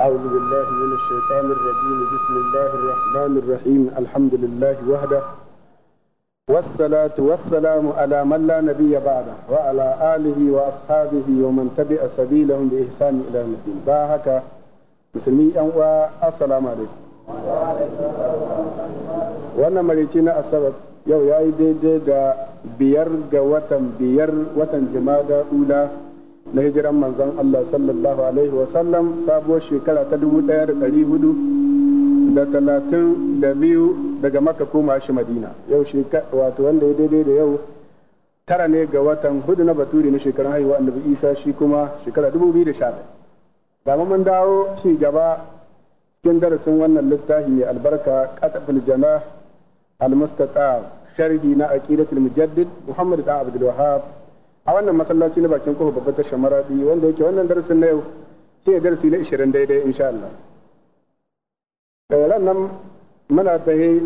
أعوذ بالله من الشيطان الرجيم بسم الله الرحمن الرحيم الحمد لله وحده والصلاة والسلام على من لا نبي بعده وعلى آله وأصحابه ومن تبع سبيلهم بإحسان إلى يوم الدين باهك مسلمي أنواع السلام عليكم wannan marici na asabar yau ya yi daidai da biyar ga watan biyar watan jima'a ula na hijiran manzon Allah sallallahu alaihi wasallam sabuwar shekara ta dubu ɗaya da ɗari hudu da talatin da biyu daga maka koma shi madina yau wato wanda ya daidai da yau tara ne ga watan hudu na baturi na shekarun haihuwa annabi isa shi kuma shekara dubu biyu da sha ɗaya mun dawo ci gaba cikin darasin wannan littafi mai albarka qatful jana al-mustataf sharhi na aqidatul mujaddid muhammad da abdul wahhab a wannan masallaci na bakin kofa babbar tashar maradi wanda yake wannan darasin na yau shi ne darasi na 20 daidai insha Allah daga nan muna tahi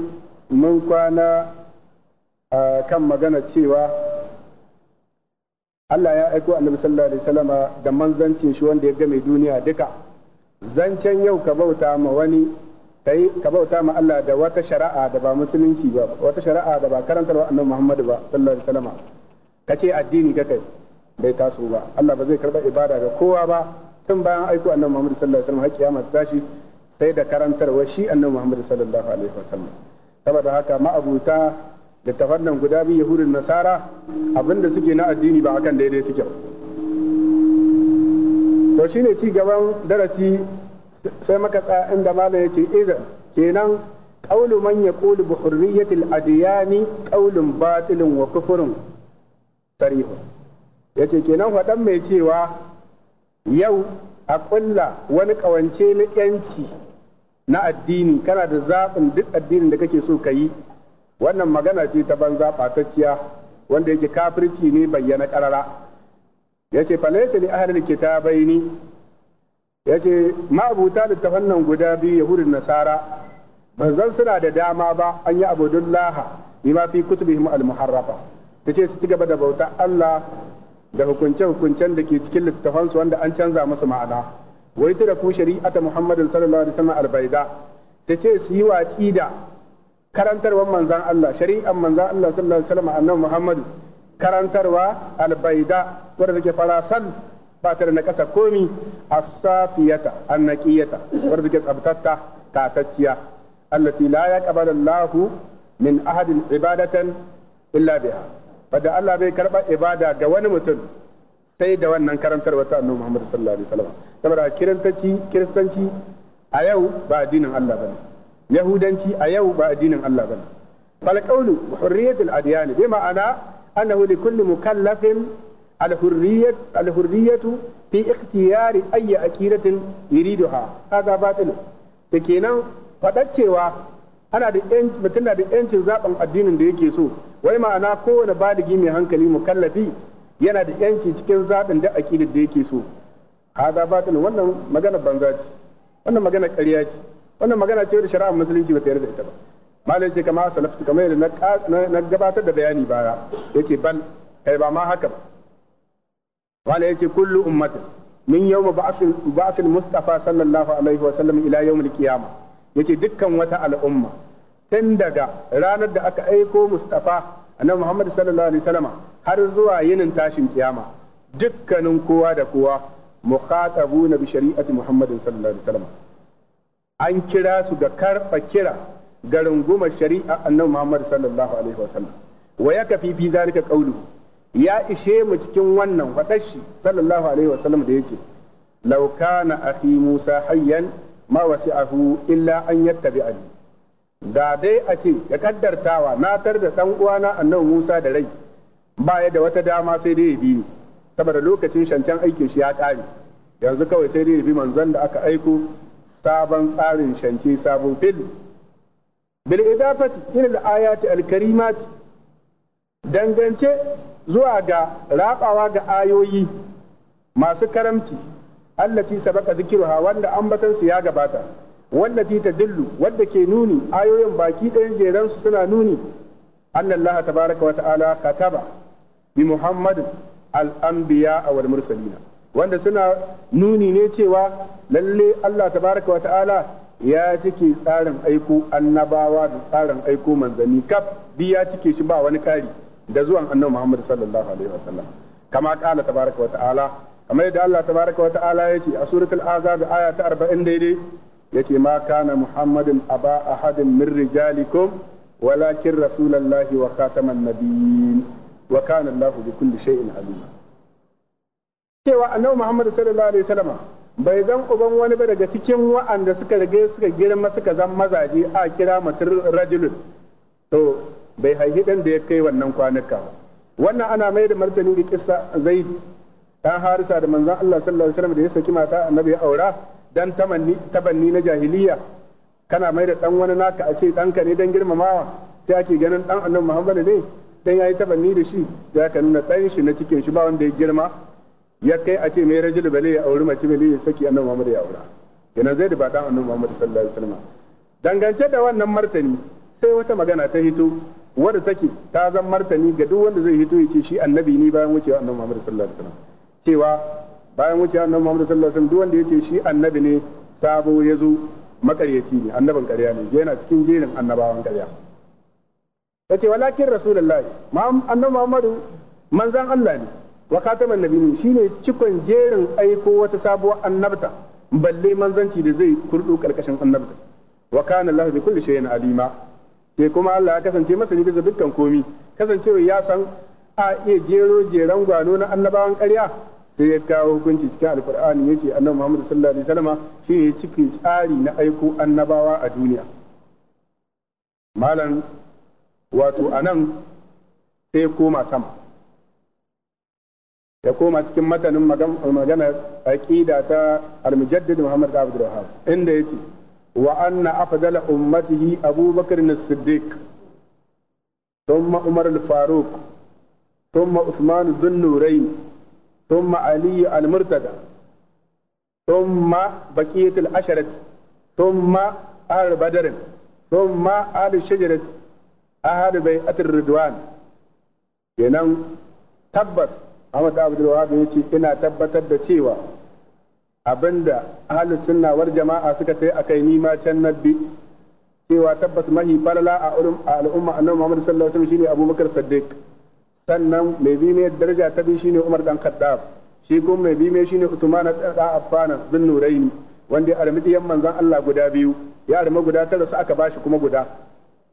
mun kwana kan magana cewa Allah ya aiko annabi sallallahu alaihi wasallama da manzancin shi wanda ya game duniya duka zancen yau ka bauta ma wani kai ka bauta ma Allah da wata shari'a da ba musulunci ba wata shari'a da ba karantarwa annabi Muhammad ba sallallahu alaihi wasallama ka ce addini ka kai bai taso ba Allah ba zai karba ibada ga kowa ba tun bayan aiko annabi Muhammad sallallahu alaihi wasallam har kiyama ta sai da karantarwa shi annabi Muhammad sallallahu alaihi wasallam saboda haka ma'abuta da tafannan guda biyu yahudin nasara abinda suke na addini ba akan daidai suke to shine ci gaban darasi sai maka tsaya inda malam yace idan kenan qawlu man yaqulu bi hurriyatil adyani qawlun batilun wa kufrun sarihu ya ce kenan faɗan mai cewa yau a ƙulla wani ƙawance na ‘yanci na addini kana da zaɓin duk addinin da kake so ka yi wannan magana ce ta banza ɓatacciya wanda yake kafirci ne bayyana ƙarara ya ce falaisa ne ahalin kitabai ni ya ce ma'abuta littafan nan guda biyu yahudin nasara ban zan suna da dama ba an yi abudullaha bima fi kutubihim al-muharrafa ta ce su ci gaba da bauta Allah da hukunce-hukuncen da ke cikin littafansu wanda an canza musu ma'ana wai ta da ku shari'ata Muhammadin sallallahu alaihi wasallam albaida ta ce su yi watsi da karantarwar manzan Allah shari'ar manzan Allah sallallahu alaihi wasallam annabi Muhammadu karantarwa albaida wadda take farasal ba ta da na kasa komi as-safiyata an-naqiyata wadda take tsabtatta tatacciya allati la yaqbalu Allahu min ahadin ibadatan illa biha wadda Allah bai karba ibada ga wani mutum sai da wannan karantarwa ta annabi Muhammad sallallahu alaihi wasallam saboda kiristanci kiristanci a yau ba addinin Allah bane yahudanci a yau ba addinin Allah bane fal qawlu hurriyatul adyan bi ma'ana annahu li kulli mukallafin الحرية الحرية في اختيار أي عقيدة يريدها هذا باطل فكينا فدتشوا ana da yanci mutum na da yancin zaben addinin da yake so wai ma'ana kowane baligi mai hankali mukallafi yana da yanci cikin zaben da aqidar da yake so hada batil wannan magana banza ce wannan magana ƙarya ce wannan magana ce da shari'ar musulunci ba ta yarda ita ba malai ce kama salaftu kamar yadda na gabatar da bayani baya yace bal kai ba ma haka ba wala yace kullu ummatin min yawma ba'athil ba'athil mustafa sallallahu alaihi wa sallam ila yawmil qiyamah yace dukkan wata al'umma tun daga ranar da aka aiko Mustafa annabi Muhammad sallallahu alaihi wasallama har zuwa yinin tashin kiyama dukkanin kowa da kowa mukhatabuna bi shari'ati Muhammadin sallallahu alaihi wasallama an kira su ga karba kira ga rungumar shari'a annabi Muhammad sallallahu alaihi wasallam wa yakafi fi zalika qawluhu ya ishe mu cikin wannan fadashi sallallahu alaihi wasallam da yace law kana akhi Musa hayyan ma wasi'ahu illa an yattabi'ani da dai a ce ya kaddartawa na tar da dan uwana annabi Musa da rai baya da wata dama sai dai ya bi saboda lokacin shancan aikin shi ya kare. yanzu kawai sai dai ya bi manzon da aka aiko sabon tsarin shance sabon fil bil idafati ila ayati al-karimat dangance zuwa ga rabawa ga ayoyi masu karamci allati sabaka zikruha wanda ambatan su ya gabata wallati tadillu wanda ke nuni ayoyin baki ɗayan jeran su suna nuni anna Allah tabaraka wa ta'ala kataba bi Muhammadin al-anbiya wal mursalina wanda suna nuni ne cewa lalle Allah tabaraka wa ta'ala ya cike tsarin aiko annabawa da tsarin aiko manzanni kaf bi ya cike shi ba wani kari da zuwan annabi Muhammad sallallahu alaihi wasallam kama tabaraka wa ta'ala kamar yadda Allah tabaraka wa ta'ala ce a suratul azab aya ta 40 daidai yace ma kana muhammadin aba ahadin min rijalikum walakin rasulallahi wa khataman nabiyyin wa kana Allah bi kulli shay'in alim cewa annabi muhammad sallallahu alaihi wasallam bai zan uban wani ba daga cikin wa'anda suka rage suka girma suka zan mazaje a kira mutum rajulun to bai haihi dan da ya kai wannan kwanaka wannan ana mai da martani da kissa zaidi ta harisa da manzon Allah sallallahu alaihi wasallam da ya saki mata annabi aura dan tamanni tabanni na jahiliya kana mai da dan wani naka a ce danka ne dan girmamawa sai ake ganin dan annabi Muhammad ne dan yayi tabanni da shi sai aka nuna dan shi na cikin shi ba wanda ya girma ya kai a ce mai rajul bale ya auri mace bale ya saki annabi Muhammad ya aura kenan zai da ba dan annabi Muhammad sallallahu alaihi wasallam dangance da wannan martani sai wata magana ta hito wadda take ta zan martani ga duk wanda zai hito ya ce shi annabi ne bayan wucewa annabi Muhammad sallallahu alaihi wasallam cewa bayan wuce annabi Muhammad sallallahu alaihi wasallam duk wanda yace shi annabi ne sabo ya zo makaryaci ne annabin ƙarya ne yana cikin jerin annabawan ƙarya yace walakin rasulullahi annabi Muhammadu manzan Allah ne wa khataman shi shine cikon jerin aiko wata sabuwar annabta balle manzanci da zai kurdu karkashin annabta wa kana Allah bi kulli shay'in alima sai kuma Allah ya kasance masa ne bisa dukkan komi kasancewa ya san a iya jero jeran gwano na annabawan ƙarya sai ya kawo hukunci cikin alkur'ani ya ce annabi muhammadu sallallahu alaihi wasallam shi ne cikin tsari na aiko annabawa a duniya malam wato a nan sai koma sama ya koma cikin matanin magana aqida ta al-mujaddid Muhammad Abdul Wahhab inda yace wa anna afdala ummatihi Abu Bakr as-Siddiq thumma Umar al-Faruq ثم عثمان ذو النورين ثم علي المرتضى ثم بقية العشرة ثم آل بدر ثم آل الشجرة أهل بيئة الرضوان kenan tabbas Ahmad Abdul Wahab ya ce ina tabbatar da cewa abinda ahli sunna wal jama'a suka tai akai ni ma can nabbi cewa tabbas mahi falala a al'umma annabi Muhammad sallallahu alaihi wasallam shine Abubakar Siddiq sannan mai bi mai daraja ta biyu shine Umar dan Khattab shi kuma mai bi mai shine Uthman da Affan bin Nuraini wanda ya armi manzan manzon Allah guda biyu ya arma guda ta rasu aka bashi kuma guda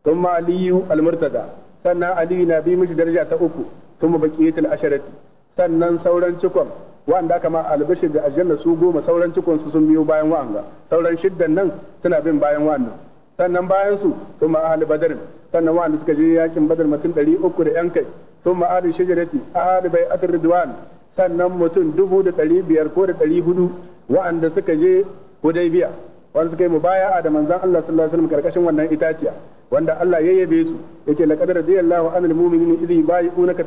thumma aliyu al-murtada sannan aliyu na bi mishi daraja ta uku thumma baqiyatul asharati sannan sauran cikon wanda aka ma albashir da aljanna su goma sauran cikon su sun biyo bayan wa'anga sauran shiddan nan suna bin bayan wa'annan sannan bayan su kuma ahli badar sannan wa'anda suka je yakin badar mutum 300 da yankai kai ثم آل شجرة آل بيعة الرضوان sannan mutum dubu da ɗari biyar ko da ɗari hudu wa'anda suka je hudaybiya wanda suka yi mu baya a da manzan Allah sallallahu alaihi wasallam karkashin wannan itaciya wanda Allah ya yabe su yace laqad radiyallahu anil mu'minina idh yubayyi'unaka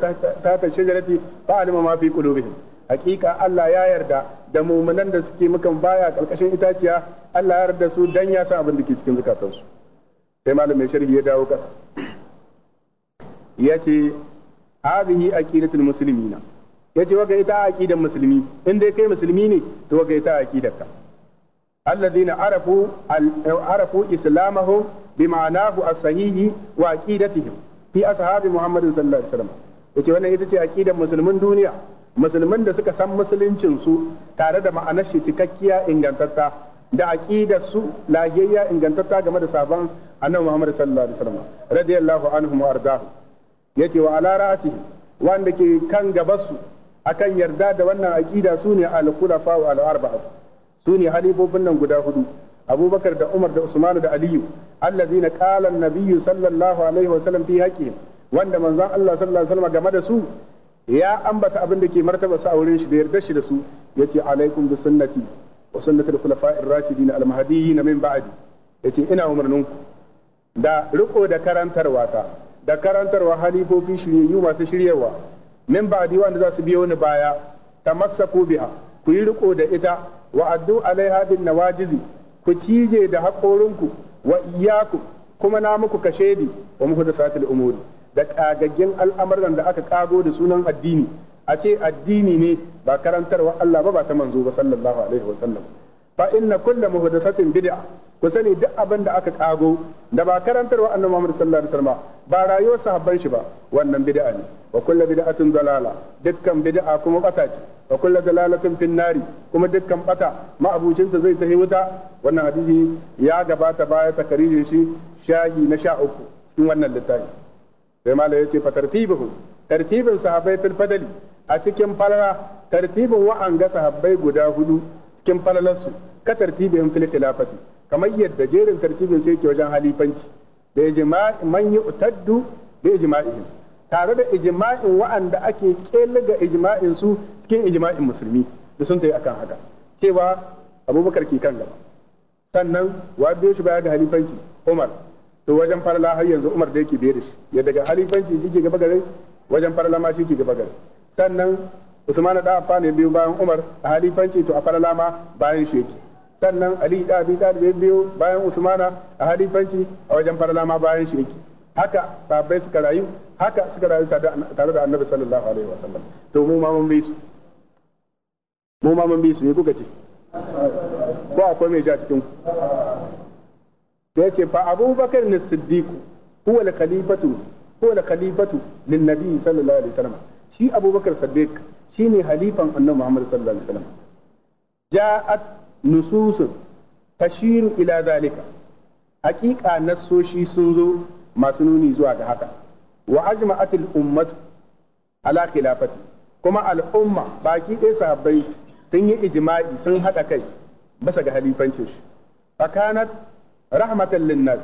tahta shajarati fa'alima ma fi qulubihim hakika Allah ya yarda da mu'minan da suke mukan baya karkashin itaciya Allah ya yarda su dan ya san abin da ke cikin zukatansu sai malamin sharhi ya dawo kasa yace hadhihi aqidatul muslimina yace waga ita aqidan musulmi in dai kai musulmi ne to waga ita aqidarka alladhina arafu arafu islamahum bima'anahu as-sahihi wa aqidatihim fi ashabi muhammadin sallallahu yace wannan ita ce aqidan musulmin duniya musulmin da suka san musuluncin su tare da ma'anar shi cikakkiya ingantatta da aqidar su lahiyayya ingantatta game da sabon annabi muhammad sallallahu alaihi wasallam radiyallahu anhu wa ardahu Ya wa ala ra'si wanda ke kan gabasu akan yarda da wannan aqida sune al-khulafa wa al su ne halifofin nan guda hudu abubakar da umar da usman da aliyu allazina qala an-nabiyyu sallallahu alaihi sallam fi haqqihim wanda manzon Allah sallallahu alaihi sallam game da su ya ambata abin da ke martaba su wurin shi da yarda shi da su yace alaikum bi sunnati wa sunnatul khulafa'ir rashidin al-mahdiyyin min ba'di yace ina umarninku da riko da karantarwa ta da karantarwa halifofin shiryayyu masu shiryarwa min ba wanda za su biyo ni baya ta masa biha ku yi riko da ita wa addu alaiha bin nawajizi ku cije da haƙorinku wa iyaku kuma na muku kashe kashedi wa muku da satil umuri da kagaggen al'amuran da aka kago da sunan addini a ce addini ne ba karantarwa Allah ba ba ta manzo ba sallallahu alaihi wa sallam fa inna kullu muhdathatin bid'a ku sani duk abin da aka kago da ba karantar annabi Muhammad sallallahu alaihi wasallam ba rayuwar sahabban shi ba wannan bid'a ne wa kullu bid'atin dalala dukkan bid'a kuma bata ce wa kullu dalalatin finnari kuma dukkan bata ma'abucin ta zai tahi wuta wannan hadisi ya gabata baya takaririn shi shahi na sha uku cikin wannan littafi sai mala yace fa tartibuhum tartibin sahabbai fil fadali a cikin falala tartibin wa'anga sahabbai guda hudu cikin falalarsu ka tartibin fil khilafati kamar yadda jerin tartibin sai ke wajen halifanci da ijma'in man yu'taddu bi ijma'ihim tare da ijma'in wa'anda ake ga ijma'in su cikin ijma'in musulmi da sun tayi akan haka cewa abubakar ke kan gaba sannan wa biyo shi baya da halifanci umar to wajen farla har yanzu umar da yake biye da shi ya daga halifanci shi ke gaba gare wajen farla ma shi ke gaba gare sannan usman da afa ne biyo bayan umar a halifanci to a farla ma bayan shi yake sannan ali da abi talib bai biyo bayan usmana a halifanci a wajen farlama bayan shirki haka sabai suka rayu haka suka rayu tare da annabi sallallahu alaihi wasallam to mu ma mun bi su mu ma mun bi su me kuka ce ko akwai mai ja cikin ku da yace fa abubakar ne Siddiq huwa al-khalifatu huwa al-khalifatu lin-nabi sallallahu alaihi wasallam shi abubakar siddiq shine halifan annabi muhammad sallallahu alaihi wasallam ja'at nususun tashiru ila zalika haƙiƙa nassoshi sun zo masu nuni zuwa ga haka wa ajma'at ummatu ala khilafati kuma al'umma baki ɗaya sahabbai sun yi ijma'i sun haɗa kai bisa ga halifancin shi fakanat rahmatan linnas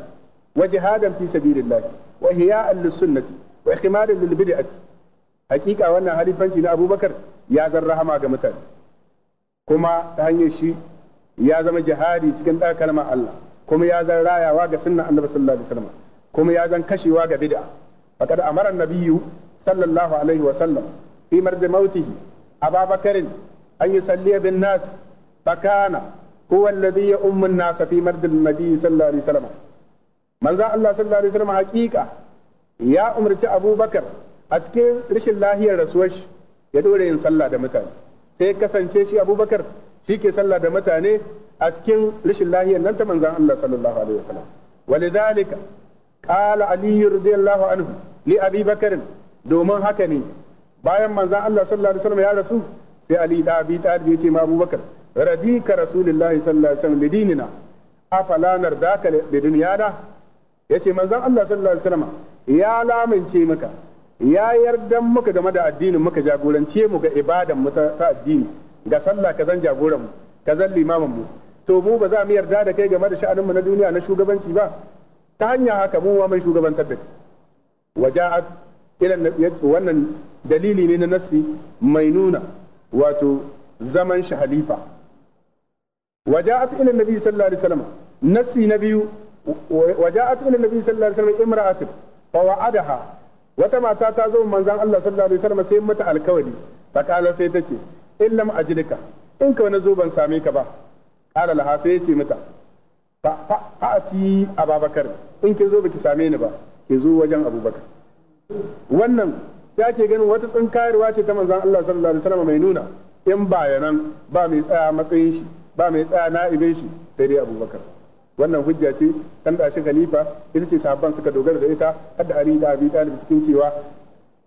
wa jihadan fi sabilillah wa hiya'an lis wa ihmadan lil-bid'ati haƙiƙa wannan halifanci na Abubakar ya zan rahama ga mutane kuma ta hanyar shi ya zama jihadi cikin ɗan kalmar Allah kuma ya zan rayawa ga sunnan annabi sallallahu alaihi wasallam kuma ya zan kashewa ga bid'a faqad amara nabiyyu sallallahu alaihi wasallam fi marzi mautihi ababakar an yi yusalli bin nas fakana huwa alladhi ya'ummu an-nas fi marzi nabi sallallahu alaihi wasallam manzo Allah sallallahu alaihi wasallam haqiqa ya umarci abubakar a cikin rashin lahiyar rasuwar shi ya dore yin sallah da mutane sai kasance shi abubakar shi ke sallah da mutane a cikin rashin lahiyar nan ta manzan Allah sallallahu alaihi wasallam walidhalika qala ali radiyallahu anhu li abi bakr domin haka ne bayan manzan Allah sallallahu alaihi wasallam ya rasu sai ali da abi talib ya ce ma abubakar radika rasulullahi sallallahu alaihi wasallam lidinina afala nardaka da dunyana yace manzan Allah sallallahu alaihi wasallam ya lamince maka ya yarda muka game da addinin muka jagorance mu ga ibadan mu ta addini ga sallah ka zan jagoran mu ka zan limamin mu to mu ba za mu yarda da kai game da sha'anin mu na duniya na shugabanci ba ta hanya haka mu mai shugabantar da kai waja'at ilan wannan dalili ne na nassi mai nuna wato zaman shi halifa waja'at ila nabi sallallahu alaihi wasallam nassi na biyu waja'at ila nabi sallallahu alaihi wasallam imra'atun fa wa'adaha wata mata ta zo manzon Allah sallallahu alaihi wasallam sai mata alkawari fa kala sai tace in lam ajlika in ka wani zo same ka ba qala laha sai ya ce mata fa ati ababakar in ki zo baki same ni ba ki zo wajen abubakar wannan ya ke ganin wata tsinkayarwa ce ta manzon Allah sallallahu alaihi wasallam mai nuna in bayanan ba mai tsaya matsayin shi ba mai tsaya na'ibin shi sai dai abubakar wannan hujja ce kan shi khalifa ita ce sahabban suka dogara da ita hadda ali da abi talib cikin cewa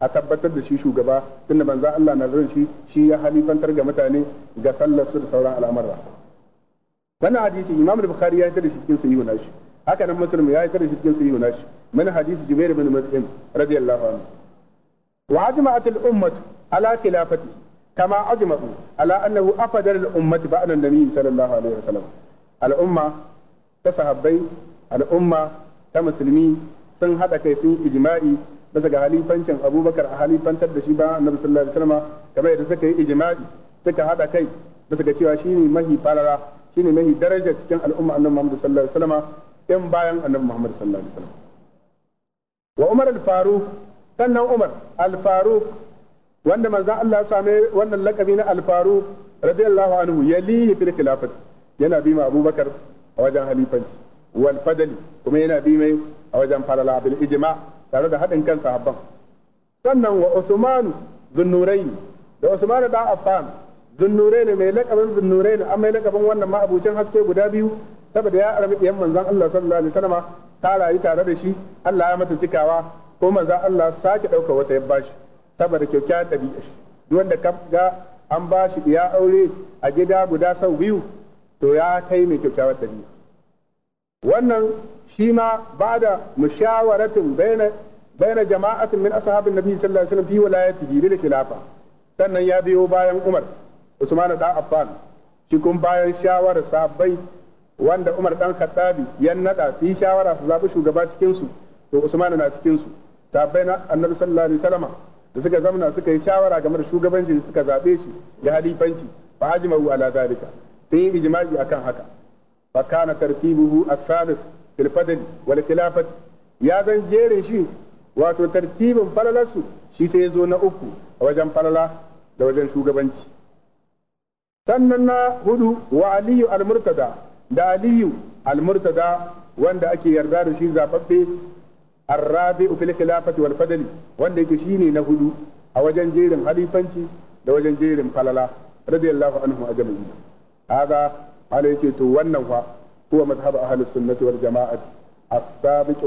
a tabbatar da shi shugaba tunda manzon Allah na zuwan shi shi ya halifantar ga mutane ga sallar su da sauran al'amura wannan hadisi Imam Bukhari ya yi da shi cikin sahihu nashi haka nan Muslim ya yi da shi cikin sahihu nashi min hadisi Jubair bin Mut'im radiyallahu anhu wa ajma'at al-ummah ala khilafati kama ajma'u ala annahu afdal al-ummah ba'da an-nabi sallallahu alaihi wasallam al-umma ta sahabbai al-umma ta musulmi sun hada kai sun ijma'i bisa ga halifancin abubakar a halifantar da shi ba annabi sallallahu alaihi kamar yadda suka yi ijma'i suka haɗa kai bisa ga cewa shine mahi farara shine mahi daraja cikin al'umma annabi Muhammad sallallahu alaihi wasallam in bayan annabi muhammadu sallallahu alaihi wasallam wa Umar al-Faruq sannan Umar al-Faruq wanda manzon Allah ya same wannan lakabi na al-Faruq radiyallahu anhu yalihi fil khilafati yana bi ma Abubakar a wajen halifanci wal fadali kuma yana bi mai a wajen falala bil ijma' tare da haɗin kan sahabban sannan wa Usmanu zunnuraini da usman da Affan ne mai laƙabin lakabin ne an mai laƙabin wannan ma'abucin haske guda biyu saboda ya arabi ɗiyan manzon Allah sallallahu alaihi wasallam ta rayu tare da shi Allah ya mata cikawa ko manzon Allah sake ɗauka wata ya bashi saboda kyakkyawar ɗabi'a shi duk wanda ka ga an ba shi ya aure a gida guda sau biyu to ya kai mai kyakkyawar ɗabi'a wannan shi ma ba da mushawaratin baina baina jama'atin min ashabin nabi sallallahu alaihi wasallam fi wilayatihi lil khilafa sannan ya biyo bayan Umar Usman da Affan shi kun bayan shawarar sahabbai wanda Umar ɗan Khattabi yan naɗa su yi shawara su zabi shugaba cikinsu to Usman na cikinsu su na Annabi sallallahu alaihi da suka zamna suka yi shawara game da shugabanci suka zaɓe shi ya halifanci fa ajma'u ala zalika sai ijma'i akan haka fa kana tartibuhu as-salis filfadin wal khilafat ya zan jere shi wato tartibin falalarsu shi sai ya zo na uku a wajen falala da wajen shugabanci sannan na hudu wa aliyu al da aliyu al-murtada wanda ake yarda da shi zababbe fil khilafat wal fadli wanda yake shine na hudu a wajen jerin halifanci da wajen jerin falala radiyallahu anhu ajma'in haka ala yake to wannan fa Kuwa mazhab ahli sunnati wal jama'ati as-sabiq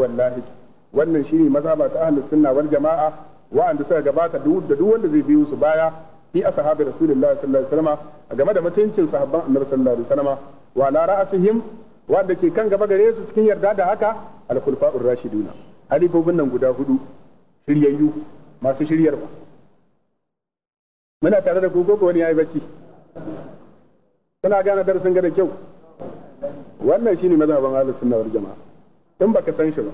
wannan shine mazhaba ta ahli sunna wal jama'a wa'anda suka gabata duk da duk wanda zai biyo su baya fi ashabi rasulullahi sallallahu alaihi a game da mutuncin sahabban annabi sallallahu alaihi wasallam wa la ra'asihim wanda ke kan gaba gare su cikin yarda da haka al-khulafa'ur rashiduna nan guda hudu shiryayyu masu shiryarwa muna tare da ku wani ya yi bacci Suna gane darasin ga da kyau wannan shine mazhaban ahlus sunna wal jama'a in baka san shi ba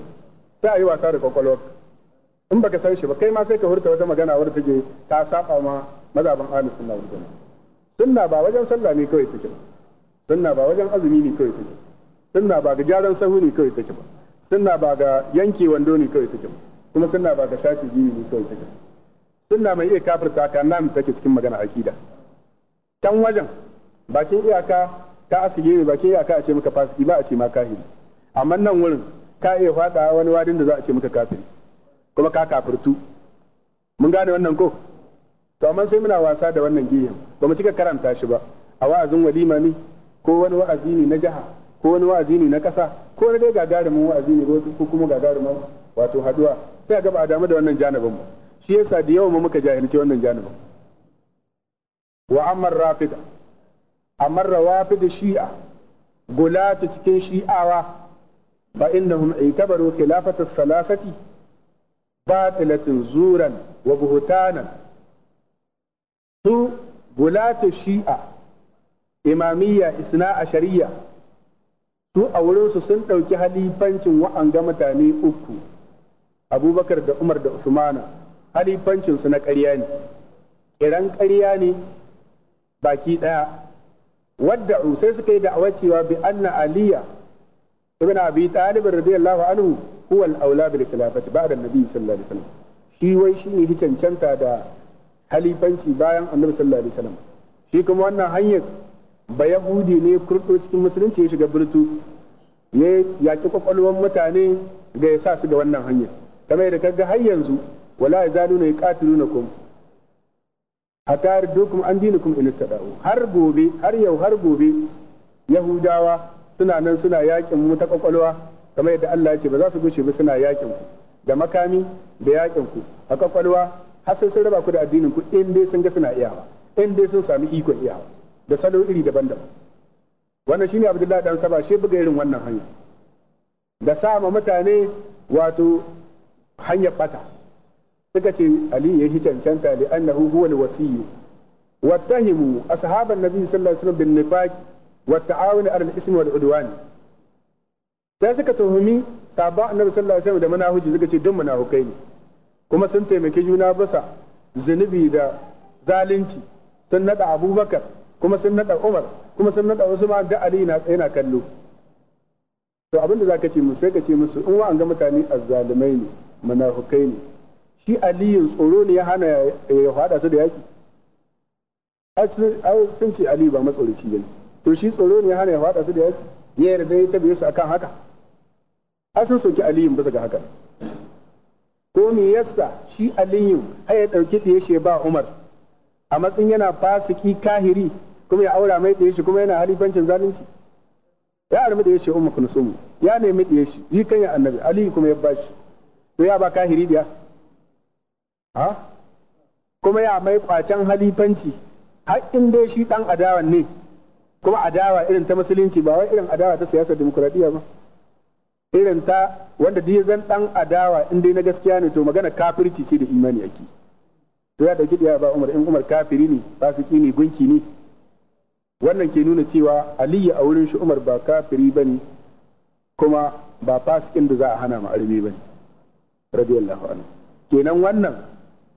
sai a yi wasa da kwakwalwarka in baka san shi ba kai ma sai ka hurta wata magana wadda take ta saba ma mazhaban ahlus sunna wal jama'a sunna ba wajen sallah ne kawai take ba sunna ba wajen azumi ne kawai take sunna ba ga gyaran sahu ne kawai take ba sunna ba ga yanke wando ne kawai take ba kuma sunna ba ga shafi jini ne kawai take sunna mai iya kafirta ka nan take cikin magana akida can wajen bakin iyaka ka aska gefe baki ya ka a ce maka fasiki ba a ce ma kafiri amma nan wurin ka iya fada wani wadin da za a ce maka kafiri kuma ka kafirtu mun gane wannan ko to amma sai muna wasa da wannan gehen ba mu cika karanta shi ba a wa'azin walima ne ko wani wa'azi ne na jaha ko wani wa'azi ne na ƙasa ko wani dai gagarumin wa'azi ne ko kuma gagarumin wato haduwa sai a gaba a damu da wannan janibin shi yasa da yawan mu muka jahilci wannan janibin wa amma rafida amma rawafi da shi'a gulatu cikin shi'awa ba inda innahum lafatar khilafata salasati tilatin zuran wa buhutanan su gulatu shi'a imamiyya isna a shari'a su a wurinsu sun ɗauki halifancin wa'anga mutane uku abubakar da umar da usmana halifancinsu na ƙarya ne ƙiran ƙarya ne baki ɗaya wadda'u sai suka yi da'awa cewa bi anna aliya ibn abi talib radiyallahu anhu huwa al-aula bil khilafati ba'da an-nabi sallallahu alaihi wasallam shi wai shi ne cancanta da halifanci bayan annabi sallallahu alaihi wasallam shi kuma wannan hanyar ba yahudi ne kurdo cikin musulunci ya shiga burtu ya yaki kwakwalwar mutane ga ya sa su ga wannan hanyar kamar yadda kaga har yanzu wala yazaluna kum hatta yardukum an kuma in tadau har gobe har yau har gobe yahudawa suna nan suna yakin mu ta kwakwalwa kamar yadda Allah ya ce ba za su gushe ba suna yakin ku da makami da yakin ku a kwakwalwa har sai sun raba ku da addinin ku in dai sun ga suna iyawa in dai sun sami iko iyawa da salo iri daban-daban wannan shine Abdullahi dan Saba shi buga irin wannan hanya da sa ma mutane wato hanyar ɓata. suka ce ali ya yi cancanta li annahu huwa al-wasiyyu wattahimu ashaban nabi sallallahu alaihi wasallam bin nifaq wa ta'awun ala al-ism wal udwan sai suka tuhumi sabon annabi sallallahu alaihi wasallam da manahuji suka ce duk manahukai ne kuma sun taimaki juna basa zunubi da zalunci sun nada abubakar kuma sun nada umar kuma sun nada usman da ali na yana kallo to abinda zaka ce musu sai ka ce musu in wa an ga mutane azzalimai ne manahukai ne shi Aliyu tsoro ne ya hana ya fada su da yaki sun ce aliyu ba matsoraci ne to shi tsoro ne ya hana ya fada su da yaki ya yarda ya tabe su akan haka a sun soki aliyun bisa ga haka ko me yasa shi aliyu har ya dauki da ya ba umar a matsayin yana fasiki kahiri kuma ya aura mai da shi kuma yana halifancin zalunci ya armi da ya ce umma kunsumu ya nemi da ya shi ji kan ya annabi aliyu kuma ya bashi to ya ba kahiri biya ha kuma ya mai kwacen halifanci har in dai shi dan adawa ne kuma adawa irin ta musulunci ba wai irin adawa ta siyasar demokradiya ba irin ta wanda dai zan dan adawa in dai na gaskiya ne to magana kafirci ce da imani yake to ya dauki diya ba Umar in Umar kafiri ne fasiki ne gunki ne wannan ke nuna cewa Aliyu a wurin shi Umar ba kafiri bane kuma ba fasikin da za a hana mu arme bane radiyallahu anhu kenan wannan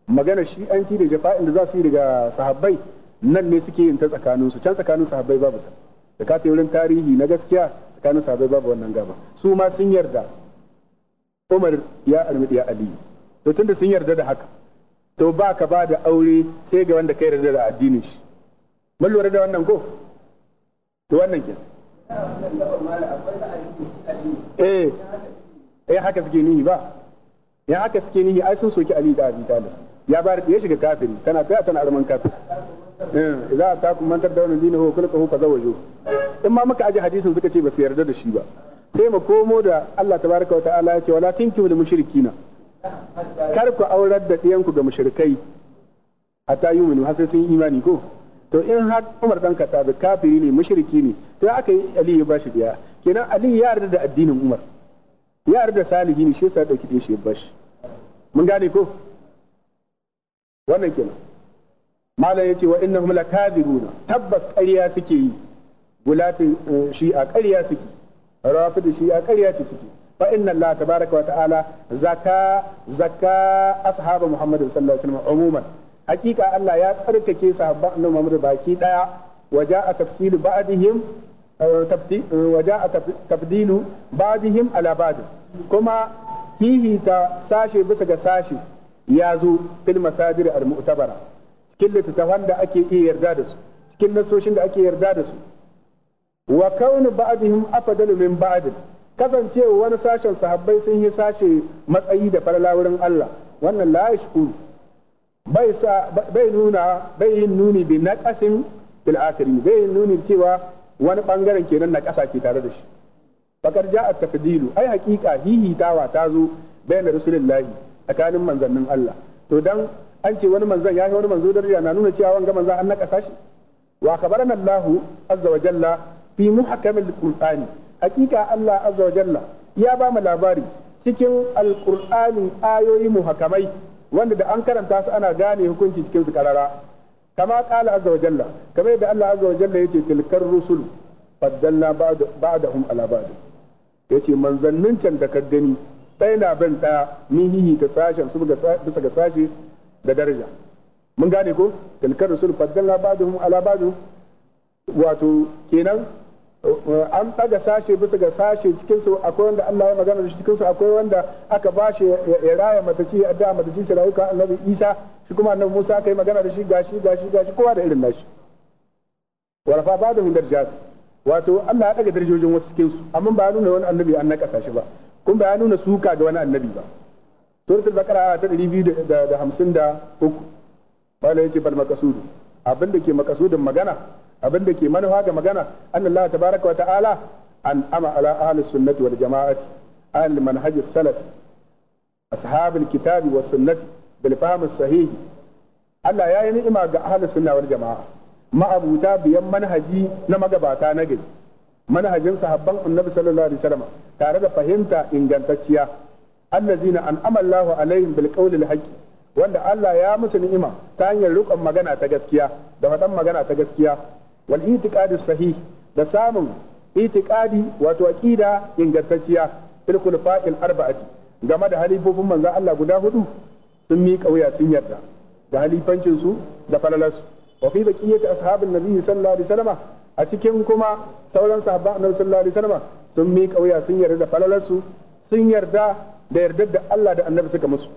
magana shi an ci da jafa'in da za su yi daga sahabbai nan ne suke yin ta tsakanin su can tsakanin sahabbai babu ta da ka wurin tarihi na gaskiya tsakanin sahabbai babu wannan gaba su ma sun yarda Umar ya armidi ya Ali to tunda sun yarda da haka to ba ka ba da aure sai ga wanda ka yarda da addinin shi mun lura da wannan ko to wannan ke eh eh haka suke nihi ba ya haka suke nihi ai sun soki Ali da Abi Talib ya ba da shiga kafin tana kai tana arman eh, da wani dini ho tadawna dinahu kulqahu wajo in ma muka aje hadisin suka ce ba su yarda da shi ba sai mu komo da Allah tabaraka wa ta'ala ya ce wala tinkihu lil mushrikina kar ku aurar da ɗiyanku ga mushrikai hatta yuminu har sai sun imani ko to in har Umar dan tabi kafiri ne mushriki ne to aka yi Ali ya bashi biya kenan Ali ya yarda da addinin Umar ya yarda salihi ne shi yasa dauki shi ya bashi mun gane ko wannan kenan malam yace wa innahum lakadiruna tabbas ƙarya suke yi gulatin eh, shi a ƙarya suke rafidu shi a ƙarya suke fa inna Allah tabaraka wa ta'ala zaka zaka ashabu Muhammadin sallallahu alaihi wasallam umuman hakika Allah ya tsarkake sahabban annabi Muhammad baki daya waja'a tafsilu ba'dihim eh, eh, waja'a tafdilu ba'dihim ala ba'd kuma hihi ta sashe bisa ga sashe ya zo fil masajir al mu'tabara cikin littattafan da ake iya yarda da su cikin nasoshin da ake yarda da su wa kaunu ba'dihim afdalu min ba'd kasancewa wani sashen sahabbai sun yi sashe matsayi da farla Allah wannan la yashkuru bai sa bai nuna bai yin nuni bi naqasin fil akhirin bai yin nuni cewa wani bangaren kenan na kasa ke tare da shi fakar ja'at tafdilu ai haqiqa hihi tawa ta zo bayan rasulullahi tsakanin manzannin Allah to dan an ce wani manzan ya fi wani manzo daraja na nuna cewa wanga manzan an nakasa shi wa khabarana Allah azza wa jalla fi muhkamil qur'ani hakika Allah azza wa jalla ya ba mu labari cikin alqur'ani ayoyi muhakamai wanda da an karanta su ana gane hukunci cikin su karara kama qala azza wa jalla kama yadda Allah azza wa jalla yace tilkar rusul faddalna ba'dahum ala ba'd yace manzannin can da ka gani ɗaya na bin ɗaya min hihi ta sashen su bisa ga sashe da daraja mun gane ko tilkar rusul faddalna ba'dhum ala al'abadu wato kenan uh, an ɗaga sashe bisa ga sashe cikin su akwai wanda Allah ya magana da shi cikin su akwai wanda aka ba shi ya raya mataci adda mataci sai rayuka annabi Isa shi kuma annabi Musa kai magana da shi gashi gashi gashi kowa da irin nashi ba da hundar jazi wato Allah ya ɗaga darajojin wasu cikin su amma ba nuna wani annabi an na shi ba kun ba ya nuna suka ga wani annabi ba suratul baqara ta 253 malai yace bal maqsudu abin da ke makasudin magana abin da ke manufa ga magana annallaha tabaraka wa ta'ala an ama ala ahli sunnati wal jama'ati ahli manhaj salaf ashab kitabi wa sunnati bil fahm sahih Allah ya yi ni'ima ga ahli sunna wal jama'a ma'abuta biyan manhaji na magabata na gari manhajin sahabban annabi sallallahu alaihi wasallam tare da fahimta ingantacciya allazina an'ama Allahu alaihim bil qawli al haqq wanda Allah ya musu ni'ima ta hanyar rukun magana ta gaskiya da faɗan magana ta gaskiya wal itiqadi sahih da samun itiqadi wato aqida ingantacciya fil khulafa'il arba'ati game da halifofin manzo Allah guda hudu sun miƙa wuya sun yarda da halifancin su da falalarsu wa fi baqiyati ashabin nabi sallallahu alaihi wasallam a cikin kuma sauran sahabban annabi sallallahu alaihi wasallam sun mi kauya sun yarda da falalarsu sun yarda da yardar da Allah da annabi suka musu